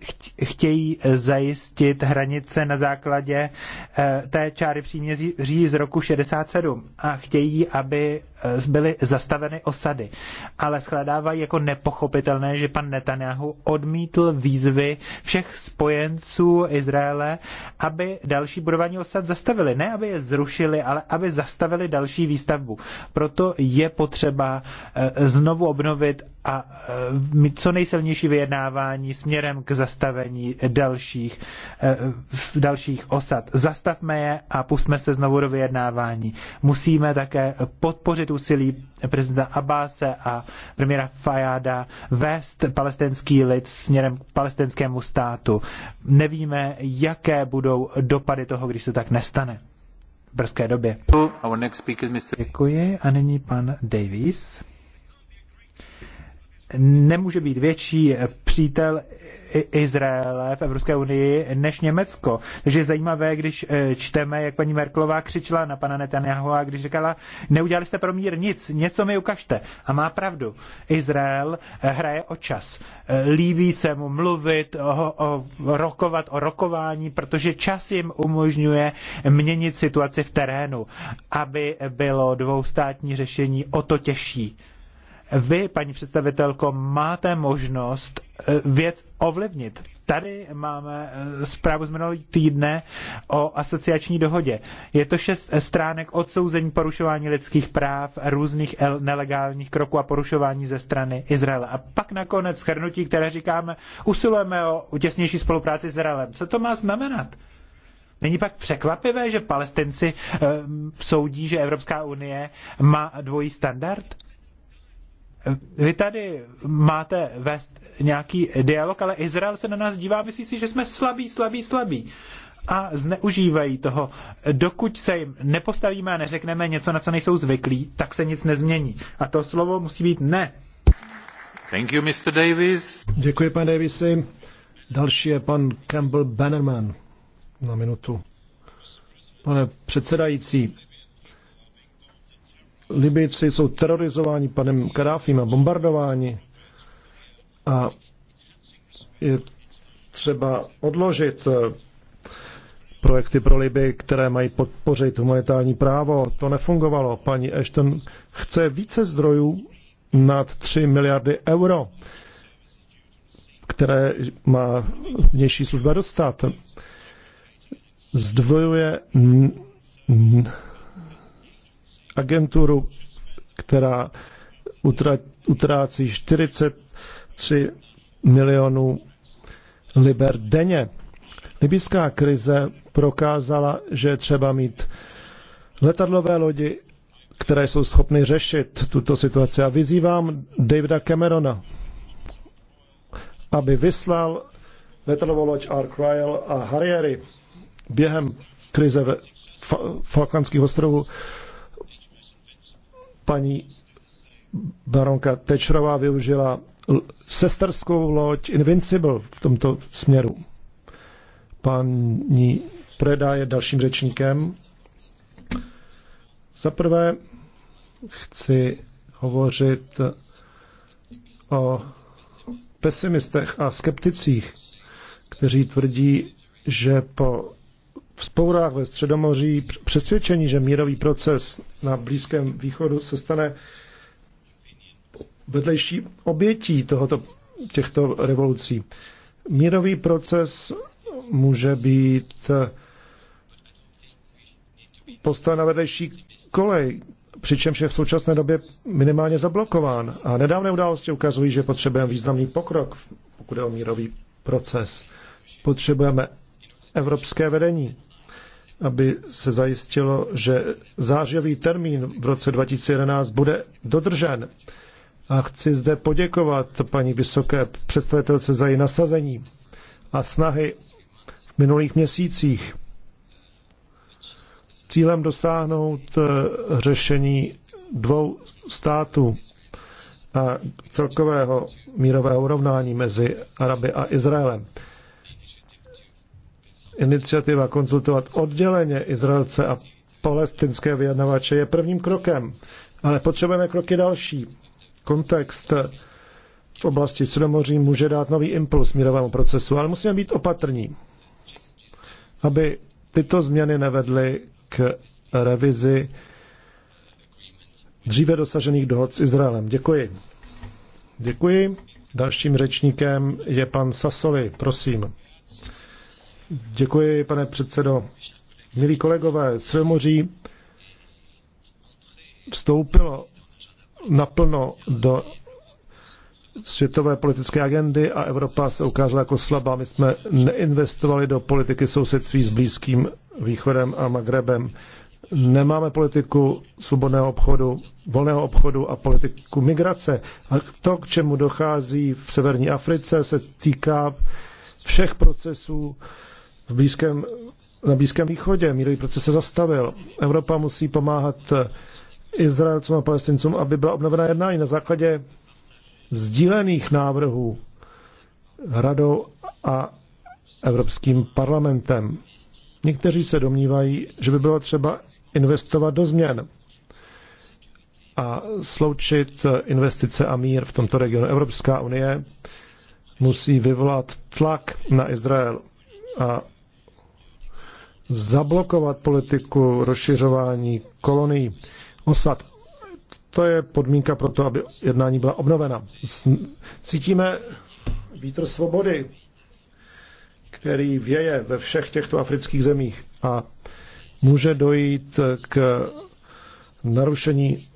chtějí zajistit hranice na základě eh, té čáry příměří z roku 67 a chtějí, aby eh, byly zastaveny osady. Ale shledávají jako nepochopitelné, že pan Netanyahu odmítl výzvy všech spojenců Izraele, aby další budování osad zastavili. Ne, aby je zrušili, ale aby zastavili další výstavbu. Proto je potřeba eh, znovu obnovit a mít co nejsilnější vyjednávání směrem k zastavení dalších, eh, dalších osad. Zastavme je a pusme se znovu do vyjednávání. Musíme také podpořit úsilí prezidenta Abáse a premiéra Fajáda vést palestinský lid směrem k palestinskému státu. Nevíme, jaké budou dopady toho, když se tak nestane v brzké době. Děkuji a nyní pan Davies nemůže být větší přítel Izraele v Evropské unii než Německo. Takže je zajímavé, když eh, čteme, jak paní Merklová křičela na pana Netanyahu a když říkala, neudělali jste pro mír nic, něco mi ukažte. A má pravdu. Izrael eh, hraje o čas. Eh, líbí se mu mluvit, o, o, rokovat o rokování, protože čas jim umožňuje měnit situaci v terénu, aby bylo dvoustátní řešení o to těžší. Vy, paní představitelko, máte možnost eh, věc ovlivnit. Tady máme eh, zprávu z minulý týdne o asociační dohodě. Je to šest eh, stránek odsouzení porušování lidských práv, různých nelegálních kroků a porušování ze strany Izraele. A pak nakonec shrnutí, které říkáme, usilujeme o těsnější spolupráci s Izraelem. Co to má znamenat? Není pak překvapivé, že palestinci um, soudí, že Evropská unie má dvojí standard? vy tady máte vést nějaký dialog, ale Izrael se na nás dívá, myslí si, že jsme slabí, slabí, slabí. A zneužívají toho. Dokud se jim nepostavíme a neřekneme něco, na co nejsou zvyklí, tak se nic nezmění. A to slovo musí být ne. Thank you, Mr. Davis. Děkuji, pane Davisy. Další je pan Campbell Bannerman na minutu. Pane předsedající, Libyjci jsou terorizováni panem Kadáfím a bombardováni. A je třeba odložit eh, projekty pro Liby, které mají podpořit humanitární právo. To nefungovalo. Paní Ashton chce více zdrojů nad 3 miliardy euro, které má vnější služba dostat. Zdvojuje agenturu, která utrácí 43 milionů liber denně. Libyská krize prokázala, že je třeba mít letadlové lodi, které jsou schopny řešit tuto situaci. A vyzývám Davida Camerona, aby vyslal letadlovou loď Ark Royal a Harriery během krize ve Falklandských ostrovů paní baronka Tečrová využila sesterskou loď Invincible v tomto směru. Paní Preda je dalším řečníkem. Za prvé chci hovořit o pesimistech a skepticích, kteří tvrdí, že po vzpourách ve Středomoří přesvědčení, že mírový proces na Blízkém východu se stane vedlejší obětí tohoto, těchto revolucí. Mírový proces může být postaven na vedlejší kolej, přičemž je v současné době minimálně zablokován. A nedávné události ukazují, že potřebujeme významný pokrok, pokud je o mírový proces. Potřebujeme evropské vedení, aby se zajistilo, že zářivý termín v roce 2011 bude dodržen. A chci zde poděkovat paní vysoké představitelce za její nasazení a snahy v minulých měsících. Cílem dosáhnout eh, řešení dvou států a celkového mírového urovnání mezi Araby a Izraelem iniciativa konzultovat odděleně Izraelce a palestinské vyjednavače je prvním krokem, ale potřebujeme kroky další. Kontext v oblasti Sudomoří může dát nový impuls mírovému procesu, ale musíme být opatrní, aby tyto změny nevedly k revizi dříve dosažených dohod s Izraelem. Děkuji. Děkuji. Dalším řečníkem je pan Sasoli. Prosím. Děkuji, pane předsedo. Milí kolegové, Sremoří vstoupilo naplno do světové politické agendy a Evropa se ukázala jako slabá. My jsme neinvestovali do politiky sousedství s Blízkým východem a Magrebem. Nemáme politiku svobodného obchodu, volného obchodu a politiku migrace. A to, k čemu dochází v severní Africe, se týká všech procesů v blízkém, na Blízkém východě. Mírový proces se zastavil. Evropa musí pomáhat eh, Izraelcům a Palestincům, aby byla obnovena jednání na základě sdílených návrhů radou a Evropským parlamentem. Někteří se domnívají, že by bylo třeba investovat do změn a sloučit eh, investice a mír v tomto regionu. Evropská unie musí vyvolat tlak na Izrael a zablokovat politiku rozšiřování kolonií osad. To je podmínka pro to, aby jednání byla obnovena. Cítíme vítr svobody, který věje ve všech těchto afrických zemích a může dojít k narušení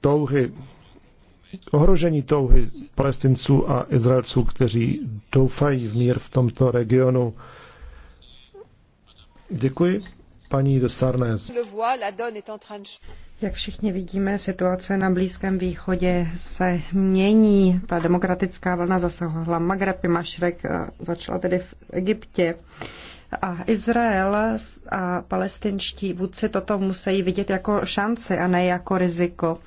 touhy, ohrožení touhy palestinců a Izraelců, kteří doufají v mír v tomto regionu. Děkuji, paní de Sarnes. Jak všichni vidíme, situace na Blízkém východě se mění. Ta demokratická vlna zasahovala Magreby, Mašrek, eh, začala tedy v Egyptě. A Izrael a palestinští vůdci toto musí vidět jako šanci a ne jako riziko.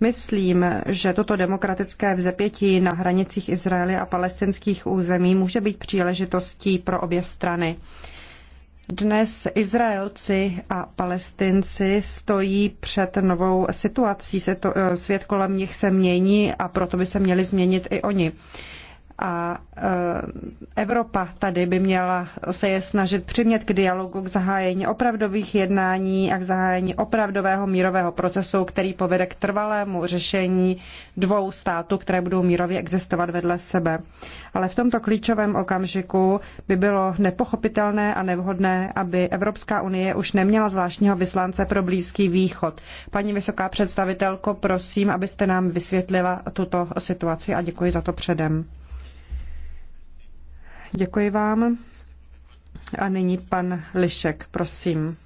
Myslím, že toto demokratické vzepětí na hranicích Izraele a palestinských území může být příležitostí pro obě strany. Dnes Izraelci a Palestinci stojí před novou situací. Eh, svět kolem nich se mění a proto by se měli změnit i oni a e, Evropa tady by měla se je snažit přimět k dialogu, k zahájení opravdových jednání a k zahájení opravdového mírového procesu, který povede k trvalému řešení dvou států, které budou mírově existovat vedle sebe. Ale v tomto klíčovém okamžiku by bylo nepochopitelné a nevhodné, aby Evropská unie už neměla zvláštního vyslance pro Blízký východ. Paní vysoká představitelko, prosím, abyste nám vysvětlila tuto situaci a děkuji za to předem. Děkuji vám. A nyní pan Lišek, prosím.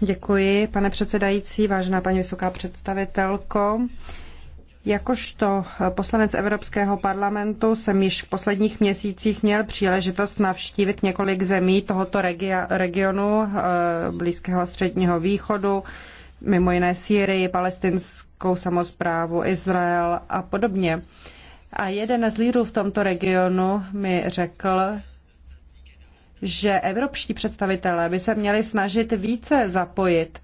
Děkuji, pane předsedající, vážená paní vysoká představitelko. Jakožto poslanec Evropského parlamentu jsem již v posledních měsících měl příležitost navštívit několik zemí tohoto regionu eh, Blízkého středního východu, mimo jiné Sýrii, palestinskou samozprávu, Izrael a podobně. A jeden z lídrů v tomto regionu mi řekl, že evropští představitelé by se měli snažit více zapojit.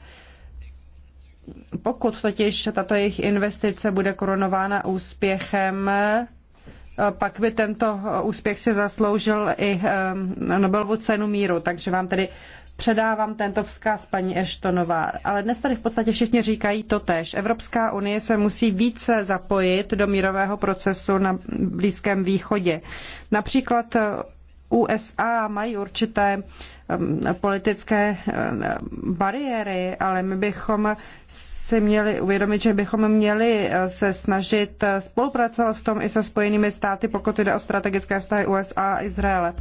Pokud totiž tato jejich investice bude koronována úspěchem, pak by tento úspěch si zasloužil i eh, Nobelovu cenu míru. Takže vám tedy Předávám tento vzkaz paní Eštonová. Ale dnes tady v podstatě všichni říkají to tež. Evropská unie se musí více zapojit do mírového procesu na Blízkém východě. Například USA mají určité um, politické um, bariéry, ale my bychom si měli uvědomit, že bychom měli eh, se snažit eh, spolupracovat v tom i se spojenými státy, pokud jde o strategické vztahy USA a Izraele.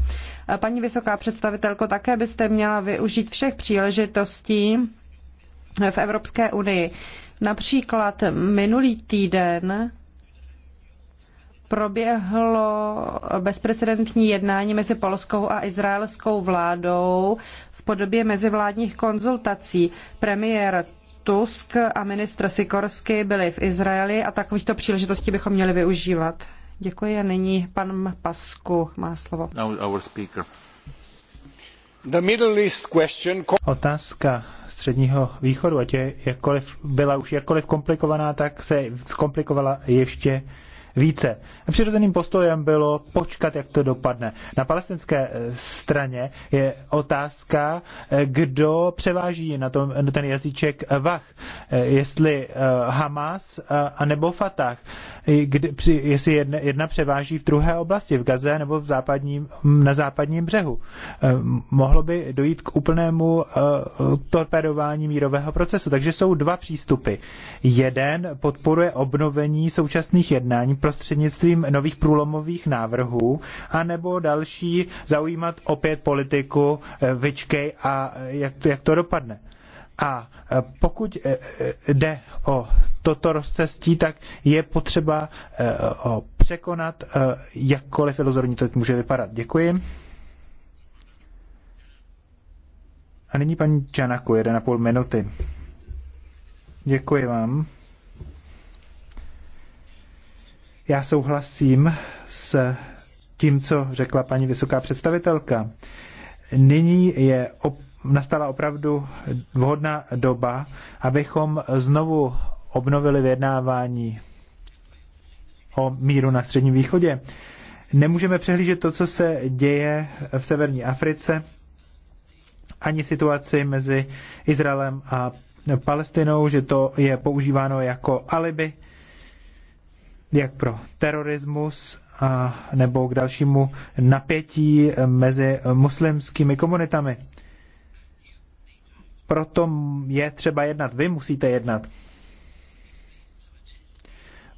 Eh, paní vysoká představitelko, také byste měla využít všech příležitostí v Evropské unii. Například minulý týden proběhlo bezprecedentní jednání mezi polskou a izraelskou vládou v podobě mezivládních konzultací. Premiér Tusk a ministr Sikorsky byli v Izraeli a takovýchto příležitostí bychom měli využívat. Děkuji a nyní pan Pasku má slovo. Otázka středního východu, ať je jakkoliv, byla už jakkoliv komplikovaná, tak se zkomplikovala ještě více. přirozeným postojem bylo počkat, jak to dopadne. Na palestinské eh, straně je otázka, eh, kdo převáží na, tom, na ten jazyček vach. Eh, jestli Hamas a nebo Fatah. Kdy, při, jestli jedna, jedna převáží v druhé oblasti, v Gaze nebo v západním, na západním břehu. Mohlo by dojít k úplnému torpedování mírového procesu. Takže jsou dva přístupy. Jeden podporuje obnovení současných jednání prostřednictvím nových průlomových návrhů, anebo další zaujímat opět politiku eh, vyčkej a eh, jak, jak to dopadne. A eh, pokud jde o toto rozcestí, tak je potřeba ho překonat, jakkoliv iluzorní to může vypadat. Děkuji. A nyní paní Čanaku, půl minuty. Děkuji vám. Já souhlasím s tím, co řekla paní vysoká představitelka. Nyní je op- nastala opravdu vhodná doba, abychom znovu obnovili vyjednávání o míru na Středním východě. Nemůžeme přehlížet to, co se děje v severní Africe, ani situaci mezi Izraelem a Palestinou, že to je používáno jako alibi jak pro terorismus a, nebo k dalšímu napětí mezi muslimskými komunitami. Proto je třeba jednat, vy musíte jednat.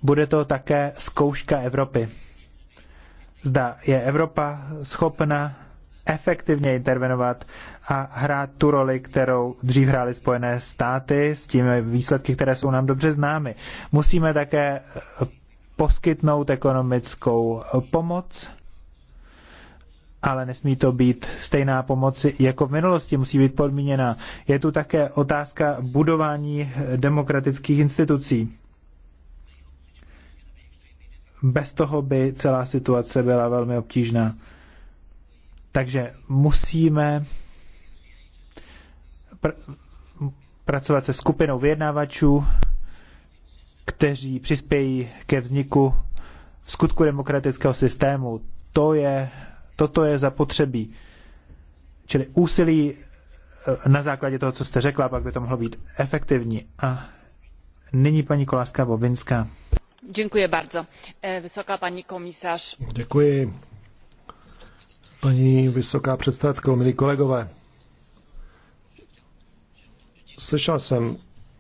Bude to také zkouška Evropy. Zda je Evropa schopna efektivně intervenovat a hrát tu roli, kterou dřív hrály Spojené státy, s těmi výsledky, které jsou nám dobře známy. Musíme také poskytnout ekonomickou pomoc, ale nesmí to být stejná pomoc jako v minulosti, musí být podmíněna. Je tu také otázka budování demokratických institucí. Bez toho by celá situace byla velmi obtížná. Takže musíme pr- pracovat se skupinou vyjednávačů kteří přispějí ke vzniku v skutku demokratického systému. To je, toto je zapotřebí. Čili úsilí eh, na základě toho, co jste řekla, pak by to mohlo být efektivní. A nyní paní Koláska Bobinská. Děkuji bardzo. Eh, vysoká paní komisař. Děkuji. Paní vysoká představitelko, milí kolegové. Slyšel jsem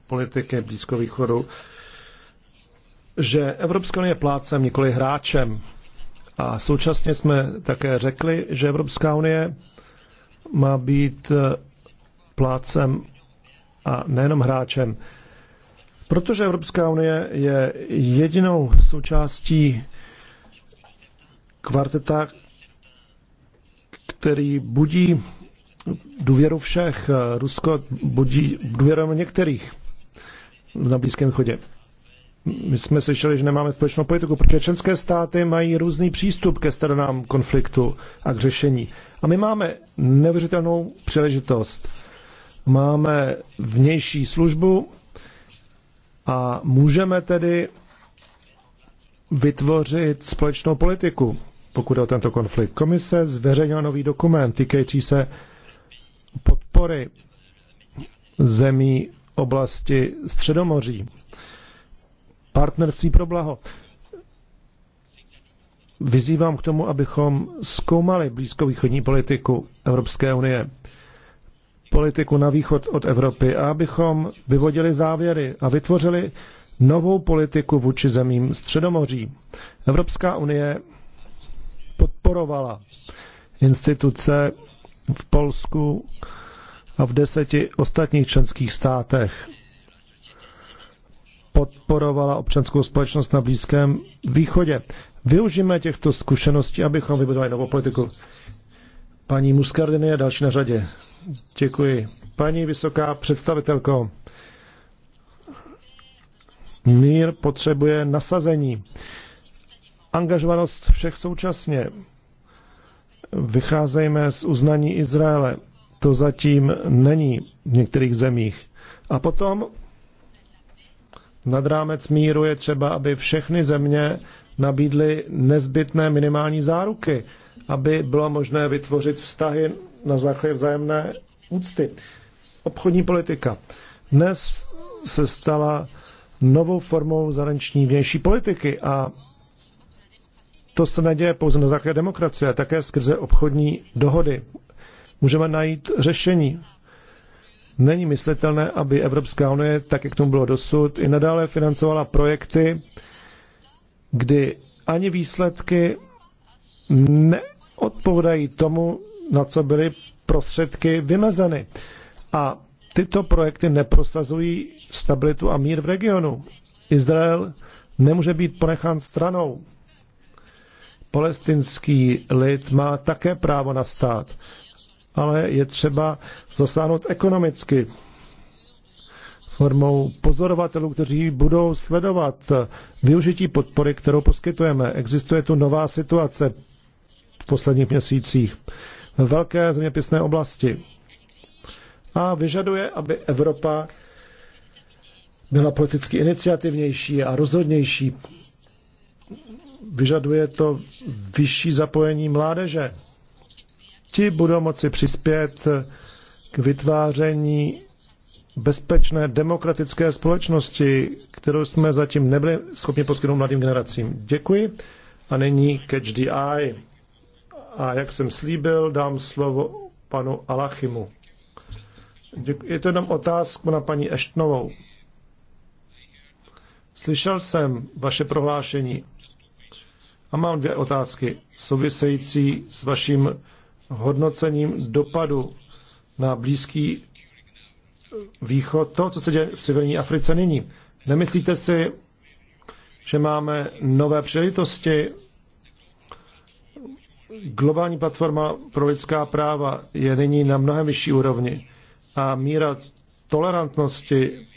politiky Blízkovýchodu východu že Evropská unie je plácem, nikoli hráčem. A současně jsme také řekli, že Evropská unie má být eh, plácem a nejenom hráčem. Protože Evropská unie je jedinou součástí kvarteta, který budí důvěru všech. Eh, Rusko budí důvěru některých na Blízkém chodě. My jsme slyšeli, že nemáme společnou politiku, protože členské státy mají různý přístup ke stranám konfliktu a k řešení. A my máme neuvěřitelnou příležitost. Máme vnější službu a můžeme tedy vytvořit společnou politiku, pokud je o tento konflikt. Komise zveřejnila nový dokument týkající se podpory zemí oblasti Středomoří partnerství pro blaho. Vyzývám k tomu, abychom zkoumali blízkovýchodní politiku Evropské unie, politiku na východ od Evropy a abychom vyvodili závěry a vytvořili novou politiku vůči zemím Středomoří. Evropská unie podporovala instituce v Polsku a v deseti ostatních členských státech podporovala občanskou společnost na Blízkém východě. Využijeme těchto zkušeností, abychom vybudovali novou politiku. Paní Muscardini je další na řadě. Děkuji. Paní vysoká představitelko, mír potřebuje nasazení. Angažovanost všech současně. Vycházejme z uznání Izraele. To zatím není v některých zemích. A potom nad rámec míru je třeba, aby všechny země nabídly nezbytné minimální záruky, aby bylo možné vytvořit vztahy na základě vzájemné úcty. Obchodní politika. Dnes se stala novou formou zahraniční vnější politiky a to se neděje pouze na základě demokracie, také skrze obchodní dohody. Můžeme najít řešení Není myslitelné, aby Evropská unie, tak jak tomu bylo dosud, i nadále financovala projekty, kdy ani výsledky neodpovídají tomu, na co byly prostředky vymezeny. A tyto projekty neprosazují stabilitu a mír v regionu. Izrael nemůže být ponechán stranou. Palestinský lid má také právo na stát ale je třeba zasáhnout ekonomicky formou pozorovatelů, kteří budou sledovat využití podpory, kterou poskytujeme. Existuje tu nová situace v posledních měsících ve velké zeměpisné oblasti a vyžaduje, aby Evropa byla politicky iniciativnější a rozhodnější. Vyžaduje to vyšší zapojení mládeže ti budou moci přispět k vytváření bezpečné demokratické společnosti, kterou jsme zatím nebyli schopni poskytnout mladým generacím. Děkuji. A nyní Catch the Eye. A jak jsem slíbil, dám slovo panu Alachimu. Je to jenom otázku na paní Eštnovou. Slyšel jsem vaše prohlášení a mám dvě otázky související s vaším hodnocením dopadu na Blízký východ to, co se děje v severní Africe nyní. Nemyslíte si, že máme nové příležitosti? Globální platforma pro lidská práva je nyní na mnohem vyšší úrovni a míra tolerantnosti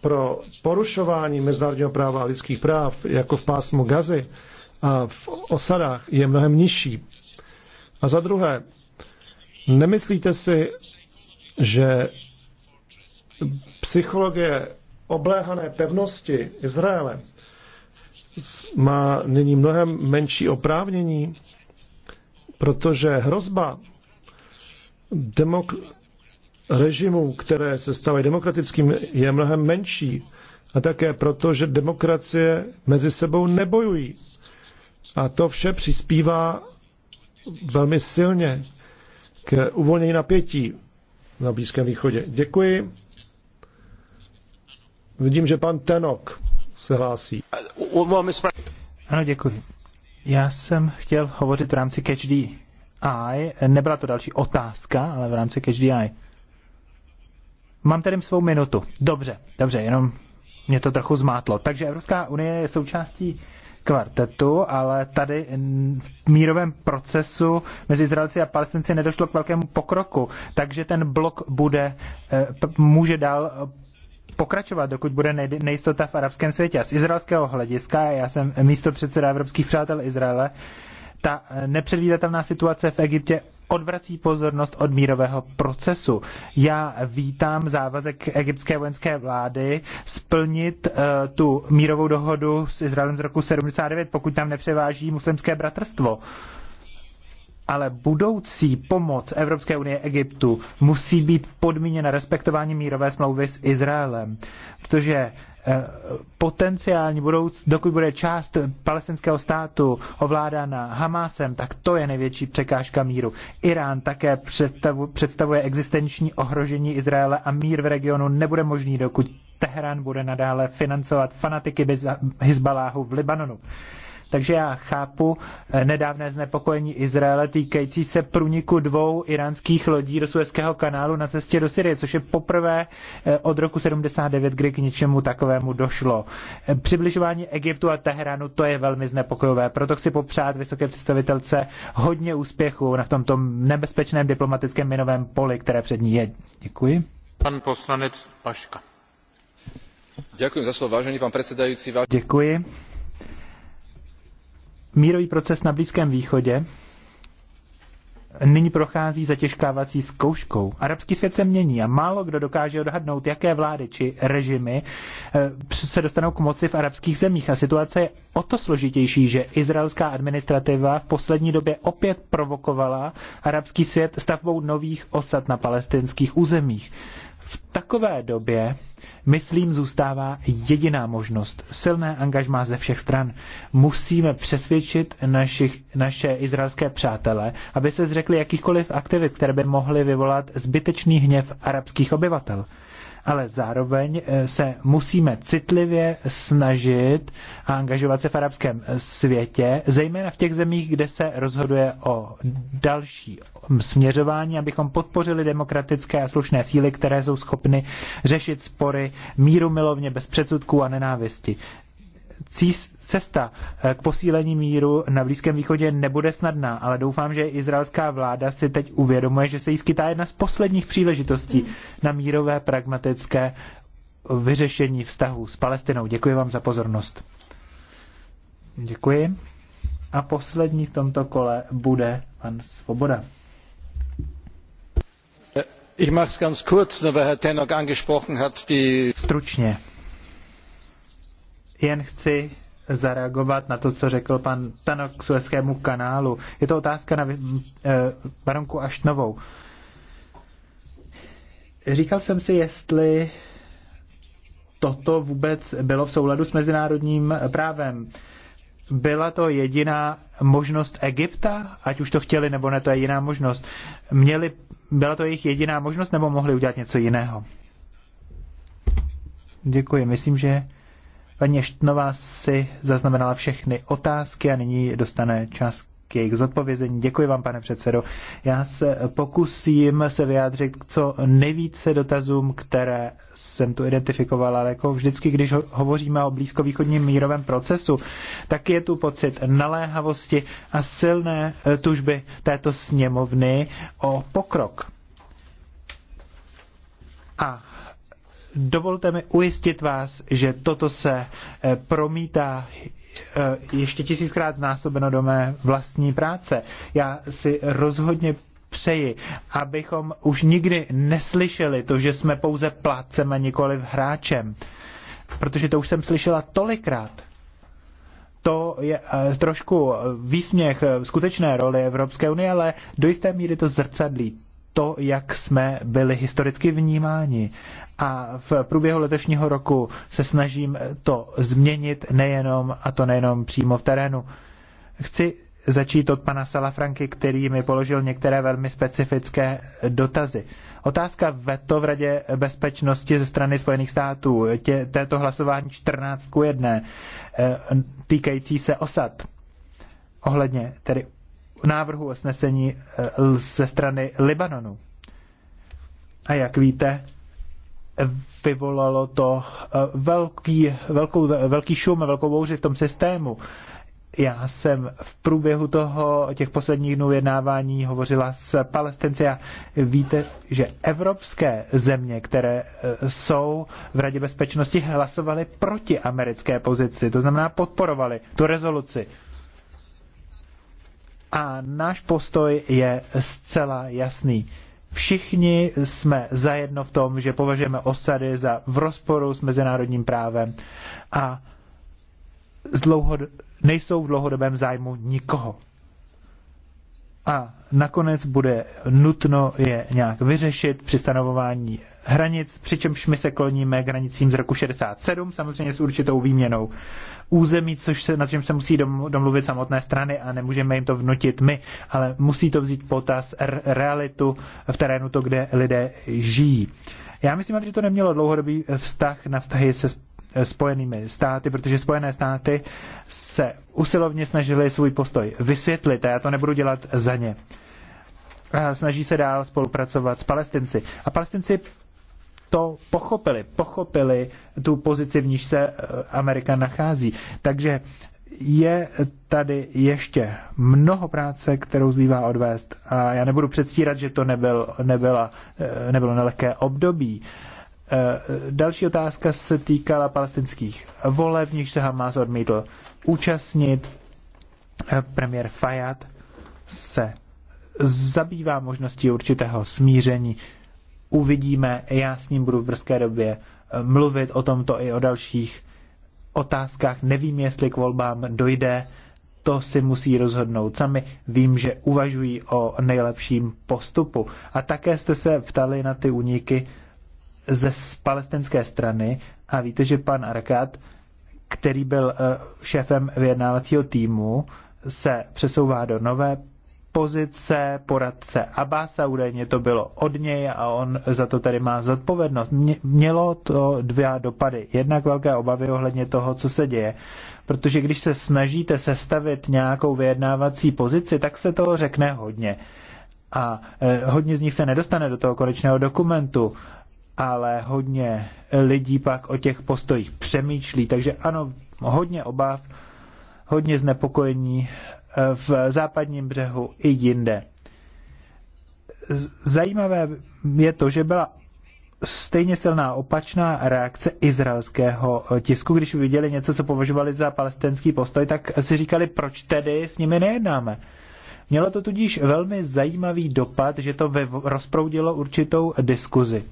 pro porušování mezinárodního práva a lidských práv, jako v pásmu Gazy a v osadách, je mnohem nižší. A za druhé, nemyslíte si, že psychologie obléhané pevnosti Izraele má nyní mnohem menší oprávnění, protože hrozba demok- režimů, které se stávají demokratickým, je mnohem menší. A také proto, že demokracie mezi sebou nebojují. A to vše přispívá velmi silně k uvolnění napětí na Blízkém východě. Děkuji. Vidím, že pan Tenok se hlásí. Ano, děkuji. Já jsem chtěl hovořit v rámci Catch DI. Nebyla to další otázka, ale v rámci Catch Mám tedy svou minutu. Dobře, dobře, jenom mě to trochu zmátlo. Takže Evropská unie je součástí kvartetu, ale tady v mírovém procesu mezi Izraelci a Palestinci nedošlo k velkému pokroku, takže ten blok bude, eh, může dál eh, pokračovat, dokud bude nejistota v arabském světě. A z izraelského hlediska, já jsem místo předseda Evropských přátel Izraele, ta nepředvídatelná situace v Egyptě odvrací pozornost od mírového procesu. Já vítám závazek egyptské vojenské vlády splnit uh, tu mírovou dohodu s Izraelem z roku 79, pokud tam nepřeváží muslimské bratrstvo. Ale budoucí pomoc Evropské unie Egyptu musí být podmíněna respektováním mírové smlouvy s Izraelem, protože uh, Eh, potenciální budouc, dokud bude část palestinského státu ovládána Hamásem, tak to je největší překážka míru. Irán také představu, představuje existenční ohrožení Izraele a mír v regionu nebude možný, dokud Teherán bude nadále financovat fanatiky Hezbaláhu v Libanonu. Takže já chápu eh, nedávné znepokojení Izraele týkající se průniku dvou iránských lodí do Suezského kanálu na cestě do Syrie, což je poprvé eh, od roku 79, kdy k něčemu takovému došlo. Eh, přibližování Egyptu a Teheránu, to je velmi znepokojové. Proto chci popřát vysoké představitelce hodně úspěchu na tomto nebezpečném diplomatickém minovém poli, které před ní je. Děkuji. Pan poslanec Paška. Děkuji za slovo, vážený pan předsedající. Děkuji. Mírový proces na Blízkém východě nyní prochází zatěžkávací zkouškou. Arabský svět se mění a málo kdo dokáže odhadnout, jaké vlády či režimy eh, se dostanou k moci v arabských zemích. A situace je o to složitější, že izraelská administrativa v poslední době opět provokovala arabský svět stavbou nových osad na palestinských územích. V takové době myslím, zůstává jediná možnost. Silné angažmá ze všech stran. Musíme přesvědčit našich, naše izraelské přátele, aby se zřekli jakýchkoliv aktivit, které by mohly vyvolat zbytečný hněv arabských obyvatel ale zároveň eh, se musíme citlivě snažit a angažovat se v arabském světě, zejména v těch zemích, kde se rozhoduje o další směřování, abychom podpořili demokratické a slušné síly, které jsou schopny řešit spory míru milovně, bez předsudků a nenávisti cesta eh, k posílení míru na Blízkém východě nebude snadná, ale doufám, že izraelská vláda si teď uvědomuje, že se jí skytá jedna z posledních příležitostí na mírové pragmatické vyřešení vztahu s Palestinou. Děkuji vám za pozornost. Děkuji. A poslední v tomto kole bude pan Svoboda. Eh, ich mache es ganz kurz, nur weil Herr Tenok angesprochen hat, die... Stručně jen chci zareagovat na to, co řekl pan Tanok Suezkému kanálu. Je to otázka na e, baronku Aštnovou. Říkal jsem si, jestli toto vůbec bylo v souladu s mezinárodním právem. Byla to jediná možnost Egypta, ať už to chtěli nebo ne, to je jiná možnost. Měli, byla to jejich jediná možnost nebo mohli udělat něco jiného? Děkuji. Myslím, že Paní Štnová si zaznamenala všechny otázky a nyní dostane čas k jejich zodpovězení. Děkuji vám, pane předsedo. Já se pokusím se vyjádřit k co nejvíce dotazům, které jsem tu identifikovala, ale jako vždycky, když hovoříme o blízkovýchodním mírovém procesu, tak je tu pocit naléhavosti a silné eh, tužby této sněmovny o pokrok. A Dovolte mi ujistit vás, že toto se eh, promítá eh, ještě tisíckrát znásobeno do mé vlastní práce. Já si rozhodně přeji, abychom už nikdy neslyšeli to, že jsme pouze plátcem a nikoliv hráčem. Protože to už jsem slyšela tolikrát. To je eh, trošku výsměch skutečné roli Evropské unie, ale do jisté míry to zrcadlí to, jak jsme byli historicky vnímáni. A v průběhu letošního roku se snažím to změnit nejenom, a to nejenom přímo v terénu. Chci začít od pana Salafranky, který mi položil některé velmi specifické dotazy. Otázka veto v Radě bezpečnosti ze strany Spojených států, tě, této hlasování 14 1, eh, týkající se osad, ohledně tedy návrhu usnesení eh, ze strany Libanonu. A jak víte, vyvolalo to eh, velký, velkou, velký šum a velkou bouři v tom systému. Já jsem v průběhu toho těch posledních dnů jednávání hovořila s Palestinci a víte, že evropské země, které eh, jsou v Radě bezpečnosti, hlasovaly proti americké pozici, to znamená podporovali tu rezoluci. A náš postoj je zcela jasný. Všichni jsme zajedno v tom, že považujeme osady za v rozporu s mezinárodním právem a z dlouhod- nejsou v dlouhodobém zájmu nikoho a nakonec bude nutno je nějak vyřešit při stanovování hranic, přičemž my se kloníme k hranicím z roku 67, samozřejmě s určitou výměnou území, což se, na čem se musí domluvit samotné strany a nemůžeme jim to vnutit my, ale musí to vzít potaz realitu v terénu to, kde lidé žijí. Já myslím, že to nemělo dlouhodobý vztah na vztahy se Spojenými státy, protože Spojené státy se usilovně snažili svůj postoj vysvětlit a já to nebudu dělat za ně. Snaží se dál spolupracovat s Palestinci. A Palestinci to pochopili, pochopili tu pozici, v níž se eh, Amerika nachází. Takže je tady ještě mnoho práce, kterou zbývá odvést. A já nebudu předstírat, že to nebyl, nebyla, eh, nebylo nelehké období. Eh, další otázka se týkala palestinských voleb, v nich se Hamas odmítl účastnit. Eh, premiér Fayad se zabývá možností určitého smíření. Uvidíme, já s ním budu v brzké době eh, mluvit o tomto i o dalších otázkách. Nevím, jestli k volbám dojde, to si musí rozhodnout sami. Vím, že uvažují o nejlepším postupu. A také jste se ptali na ty úniky ze palestinské strany a víte, že pan Arkad, který byl eh, šéfem vyjednávacího týmu, se přesouvá do nové pozice poradce Abasa, údajně to bylo od něj a on za to tady má zodpovědnost. Mělo to dvě dopady. Jednak velké obavy ohledně toho, co se děje, protože když se snažíte sestavit nějakou vyjednávací pozici, tak se toho řekne hodně. A eh, hodně z nich se nedostane do toho konečného dokumentu ale hodně lidí pak o těch postojích přemýšlí. Takže ano, hodně obav, hodně znepokojení eh, v západním břehu i jinde. Zajímavé je to, že byla stejně silná opačná reakce izraelského eh, tisku, když viděli něco, co považovali za palestinský postoj, tak si říkali, proč tedy s nimi nejednáme. Mělo to tudíž velmi zajímavý dopad, že to rozproudilo určitou diskuzi.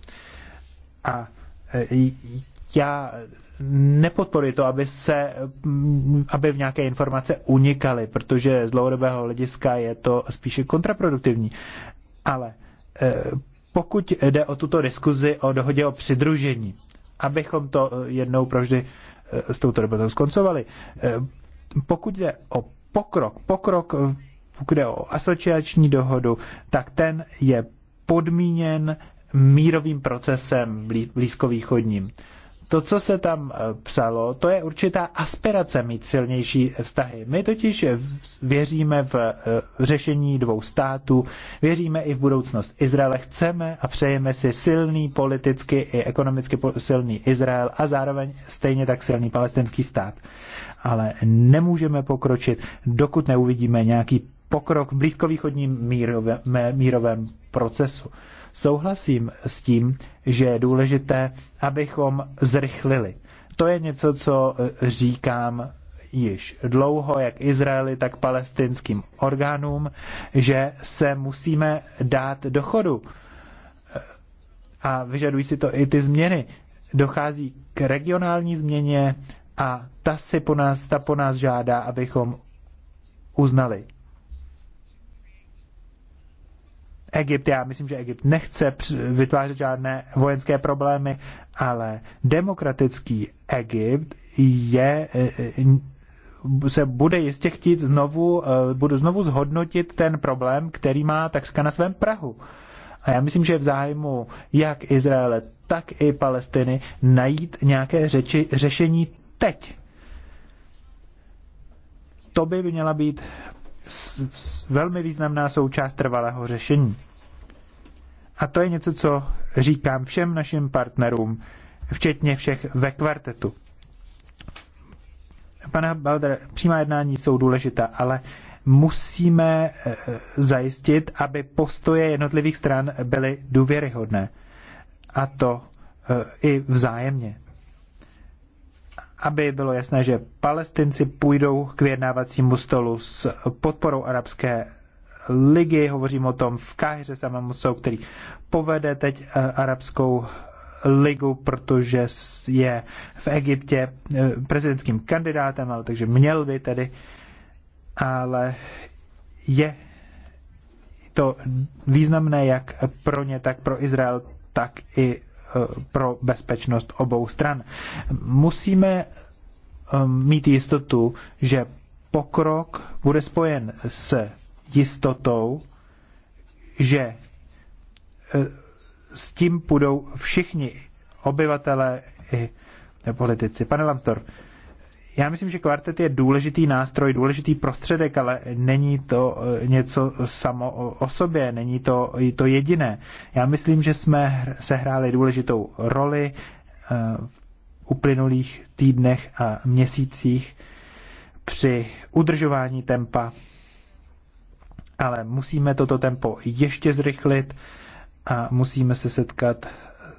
A e, já nepodporuji to, aby, se, mm, aby v nějaké informace unikaly, protože z dlouhodobého hlediska je to spíše kontraproduktivní. Ale e, pokud jde o tuto diskuzi o dohodě o přidružení, abychom to e, jednou proždy s touto debatou skoncovali, pokud jde o pokrok, pokrok, pokud jde o asociační dohodu, tak ten je podmíněn mírovým procesem blízkovýchodním. To, co se tam eh, psalo, to je určitá aspirace mít silnější vztahy. My totiž věříme v eh, řešení dvou států, věříme i v budoucnost Izraele, chceme a přejeme si silný politicky i ekonomicky silný Izrael a zároveň stejně tak silný palestinský stát. Ale nemůžeme pokročit, dokud neuvidíme nějaký pokrok v blízkovýchodním mírovém, mírovém procesu. Souhlasím s tím, že je důležité, abychom zrychlili. To je něco, co eh, říkám již dlouho, jak Izraeli, tak palestinským orgánům, že se musíme dát do chodu. Eh, a vyžadují si to i ty změny. Dochází k regionální změně a ta, si po nás, ta po nás žádá, abychom uznali. Egypt, já myslím, že Egypt nechce vytvářet žádné vojenské problémy, ale demokratický Egypt je e, e, se bude jistě chtít znovu, e, budu znovu zhodnotit ten problém, který má takřka na svém Prahu. A já myslím, že je v zájmu jak Izraele, tak i Palestiny najít nějaké řeči, řešení teď. To by měla být velmi významná součást trvalého řešení. A to je něco, co říkám všem našim partnerům, včetně všech ve kvartetu. Pane Balder, přímá jednání jsou důležitá, ale musíme eh, zajistit, aby postoje jednotlivých stran byly důvěryhodné. A to eh, i vzájemně aby bylo jasné, že palestinci půjdou k vyjednávacímu stolu s podporou arabské ligy. Hovořím o tom v Káhyře samému jsou, který povede teď eh, arabskou ligu, protože je v Egyptě eh, prezidentským kandidátem, ale takže měl by tedy, ale je to významné jak pro ně, tak pro Izrael, tak i pro bezpečnost obou stran. Musíme um, mít jistotu, že pokrok bude spojen s jistotou, že eh, s tím budou všichni obyvatelé i politici. Pane Lamstor, já myslím, že kvartet je důležitý nástroj, důležitý prostředek, ale není to eh, něco samo o sobě, není to to jediné. Já myslím, že jsme sehráli důležitou roli eh, v uplynulých týdnech a měsících při udržování tempa, ale musíme toto tempo ještě zrychlit a musíme se setkat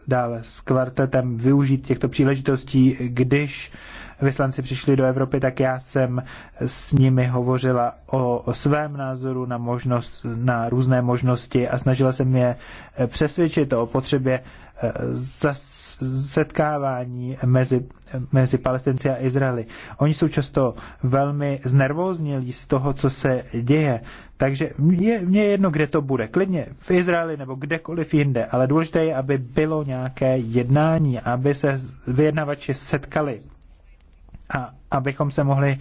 dále s kvartetem, využít těchto příležitostí, když vyslanci přišli do Evropy, tak já jsem s nimi hovořila o, o svém názoru na, možnost, na různé možnosti a snažila se mě eh, přesvědčit o potřebě eh, setkávání mezi, mezi Palestinci a Izraeli. Oni jsou často velmi znervóznělí z toho, co se děje. Takže mě, mě je jedno, kde to bude. Klidně v Izraeli nebo kdekoliv jinde. Ale důležité je, aby bylo nějaké jednání, aby se vyjednavači setkali a abychom se mohli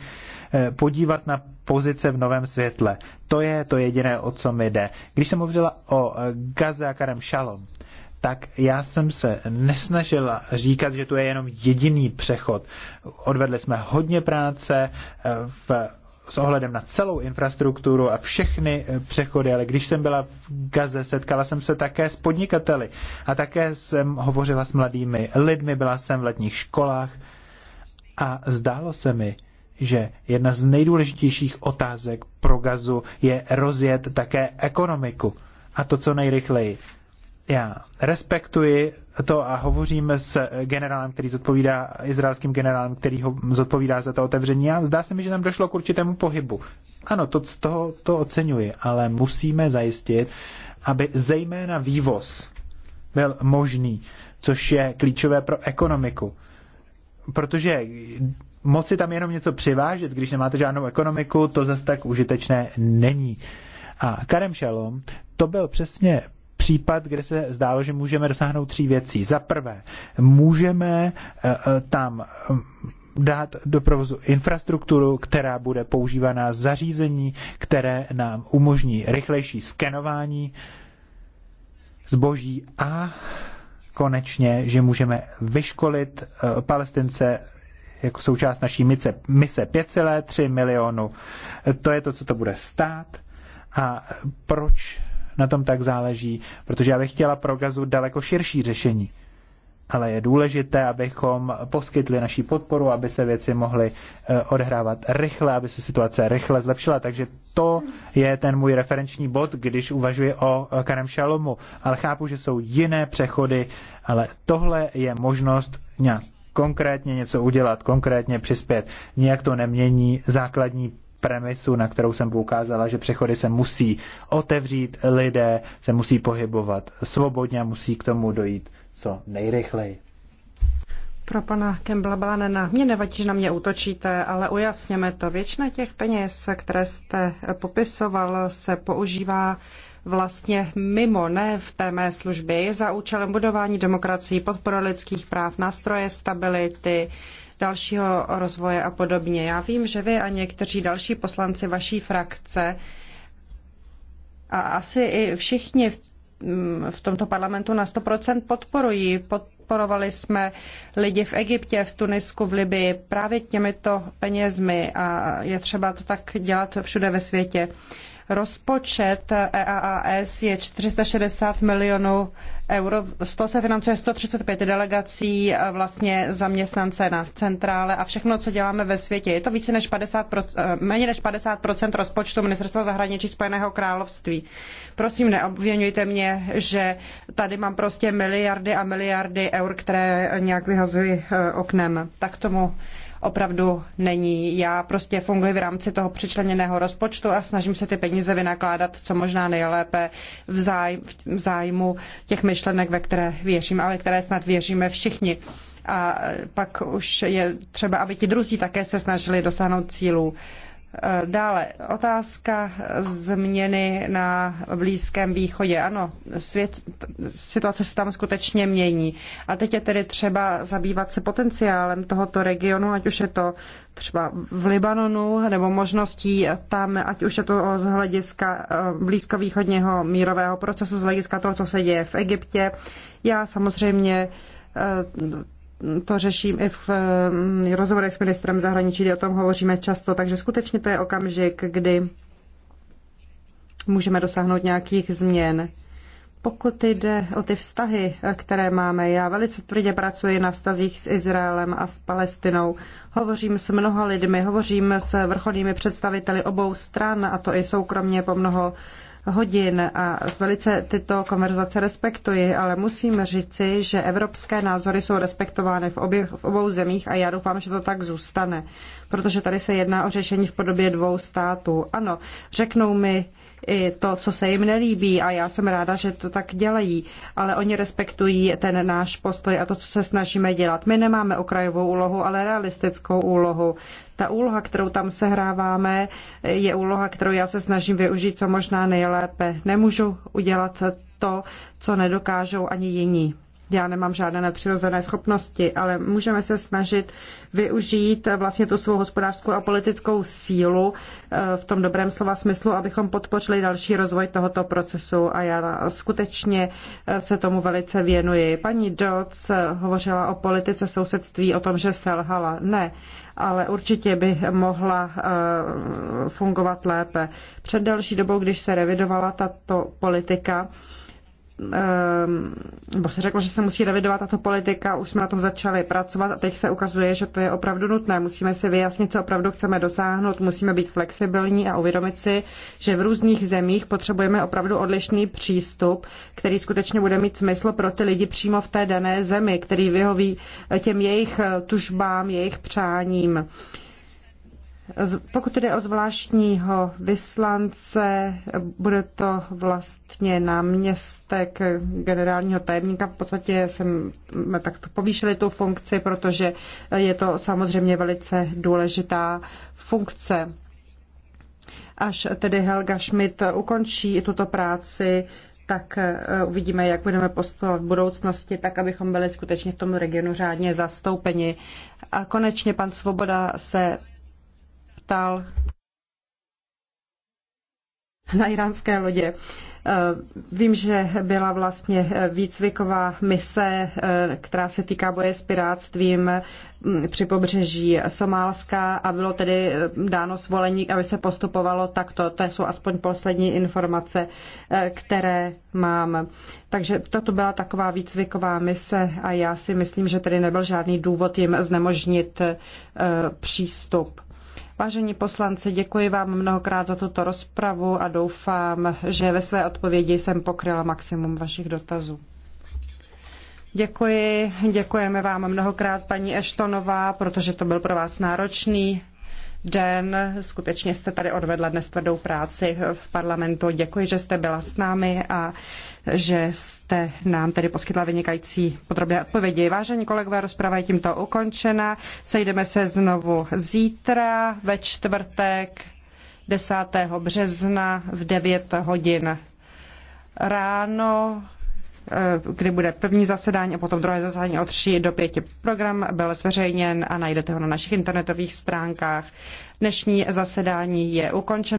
eh, podívat na pozice v novém světle. To je to jediné, o co mi jde. Když jsem mluvila o eh, Gaze a Karem Shalom, tak já jsem se nesnažila říkat, že to je jenom jediný přechod. Odvedli jsme hodně práce eh, v s ohledem na celou infrastrukturu a všechny přechody, ale když jsem byla v Gaze, setkala jsem se také s podnikateli a také jsem hovořila s mladými lidmi, byla jsem v letních školách a zdálo se mi, že jedna z nejdůležitějších otázek pro gazu je rozjet také ekonomiku. A to co nejrychleji. Já respektuji to a hovořím s generálem, který zodpovídá, izraelským generálem, který ho zodpovídá za to otevření a zdá se mi, že tam došlo k určitému pohybu. Ano, to, z toho to oceňuji, ale musíme zajistit, aby zejména vývoz byl možný, což je klíčové pro ekonomiku protože moci tam jenom něco přivážet, když nemáte žádnou ekonomiku, to zase tak užitečné není. A Karem Šalom, to byl přesně případ, kde se zdálo, že můžeme dosáhnout tří věcí. Za prvé, můžeme eh, eh, tam eh, dát do provozu infrastrukturu, která bude používaná zařízení, které nám umožní rychlejší skenování zboží a konečně, že můžeme vyškolit eh, Palestince jako součást naší mise, mise 5,3 milionu. Eh, to je to, co to bude stát. A proč na tom tak záleží? Protože já bych chtěla pro Gazu daleko širší řešení ale je důležité, abychom poskytli naší podporu, aby se věci mohly eh, odhrávat rychle, aby se situace rychle zlepšila. Takže to je ten můj referenční bod, když uvažuji o eh, Karem Šalomu. Ale chápu, že jsou jiné přechody, ale tohle je možnost nějak konkrétně něco udělat, konkrétně přispět. Nijak to nemění základní premisu, na kterou jsem poukázala, že přechody se musí otevřít, lidé se musí pohybovat svobodně, musí k tomu dojít co nejrychleji. Pro pana Kembla Balanena, mě nevadí, že na mě útočíte, ale ujasněme to. Většina těch peněz, které jste popisoval, se používá vlastně mimo, ne v té mé službě, za účelem budování demokracií, podpora lidských práv, nástroje stability, dalšího rozvoje a podobně. Já vím, že vy a někteří další poslanci vaší frakce a asi i všichni v v tomto parlamentu na 100% podporují. Podporovali jsme lidi v Egyptě, v Tunisku, v Libii právě těmito penězmi a je třeba to tak dělat všude ve světě. Rozpočet EAAS je 460 milionů euro. Z toho se financuje 135 delegací, eh, vlastně zaměstnance na centrále a všechno, co děláme ve světě. Je to více než 50%, eh, méně než 50% rozpočtu Ministerstva zahraničí Spojeného království. Prosím, neobvěňujte mě, že tady mám prostě miliardy a miliardy eur, které nějak vyhazuji eh, oknem. Tak tomu opravdu není. Já prostě funguji v rámci toho přičleněného rozpočtu a snažím se ty peníze vynakládat co možná nejlépe v, záj, v zájmu těch myšlenek, ve které věřím a ve které snad věříme všichni. A pak už je třeba, aby ti druzí také se snažili dosáhnout cílů. Eh, dále otázka změny na Blízkém východě. Ano, svět, situace se tam skutečně mění. A teď je tedy třeba zabývat se potenciálem tohoto regionu, ať už je to třeba v Libanonu, nebo možností tam, ať už je to z hlediska eh, blízkovýchodního mírového procesu, z hlediska toho, co se děje v Egyptě. Já samozřejmě eh, to řeším i v eh, rozhovorech s ministrem zahraničí, kde o tom hovoříme často, takže skutečně to je okamžik, kdy můžeme dosáhnout nějakých změn. Pokud jde o ty vztahy, eh, které máme, já velice tvrdě pracuji na vztazích s Izraelem a s Palestinou. Hovořím s mnoha lidmi, hovořím s vrcholnými představiteli obou stran, a to i soukromně po mnoho hodin a velice tyto konverzace respektuji, ale musím říci, že evropské názory jsou respektovány v, obě, v obou zemích a já doufám, že to tak zůstane, protože tady se jedná o řešení v podobě dvou států. Ano, řeknou mi, i to, co se jim nelíbí a já jsem ráda, že to tak dělají, ale oni respektují ten náš postoj a to, co se snažíme dělat. My nemáme okrajovou úlohu, ale realistickou úlohu. Ta úloha, kterou tam sehráváme, je úloha, kterou já se snažím využít co možná nejlépe. Nemůžu udělat to, co nedokážou ani jiní já nemám žádné nadpřirozené schopnosti, ale můžeme se snažit využít vlastně tu svou hospodářskou a politickou sílu eh, v tom dobrém slova smyslu, abychom podpořili další rozvoj tohoto procesu a já skutečně eh, se tomu velice věnuji. Paní Dodds eh, hovořila o politice sousedství, o tom, že selhala. Ne, ale určitě by mohla fungovat lépe. Před další dobou, když se revidovala tato politika, Ehm, nebo se řeklo, že se musí revidovat tato politika, už jsme na tom začali pracovat a teď se ukazuje, že to je opravdu nutné. Musíme si vyjasnit, co opravdu chceme dosáhnout, musíme být flexibilní a uvědomit si, že v různých zemích potřebujeme opravdu odlišný přístup, který skutečně bude mít smysl pro ty lidi přímo v té dané zemi, který vyhoví těm jejich tužbám, jejich přáním. Pokud jde o zvláštního vyslance, bude to vlastně náměstek generálního tajemníka. V podstatě jsme takto povýšili tu funkci, protože je to samozřejmě velice důležitá funkce. Až tedy Helga Schmidt ukončí tuto práci, tak eh, uvidíme, jak budeme postupovat v budoucnosti, tak abychom byli skutečně v tom regionu řádně zastoupeni. A konečně pan Svoboda se ptal na iránské lodě. Eh, vím, že byla vlastně výcviková mise, eh, která se týká boje s piráctvím mm, při pobřeží Somálska a bylo tedy eh, dáno svolení, aby se postupovalo takto. To jsou aspoň poslední informace, které mám. Takže toto byla taková výcviková mise a já si myslím, že tedy nebyl žádný důvod jim znemožnit přístup. Vážení poslanci, děkuji vám mnohokrát za tuto rozpravu a doufám, že ve své odpovědi jsem pokryla maximum vašich dotazů. Děkuji, děkujeme vám mnohokrát, paní Eštonová, protože to byl pro vás náročný den. Skutečně jste tady odvedla dnes tvrdou práci v parlamentu. Děkuji, že jste byla s námi a že jste nám tedy poskytla vynikající podrobné odpovědi. Vážení kolegové, rozprava je tímto ukončena. Sejdeme se znovu zítra ve čtvrtek 10. března v 9 hodin ráno. Eh, kdy bude první zasedání a potom druhé zasedání od 3 do 5. Program byl zveřejněn a najdete ho na našich internetových stránkách. Dnešní zasedání je ukončeno.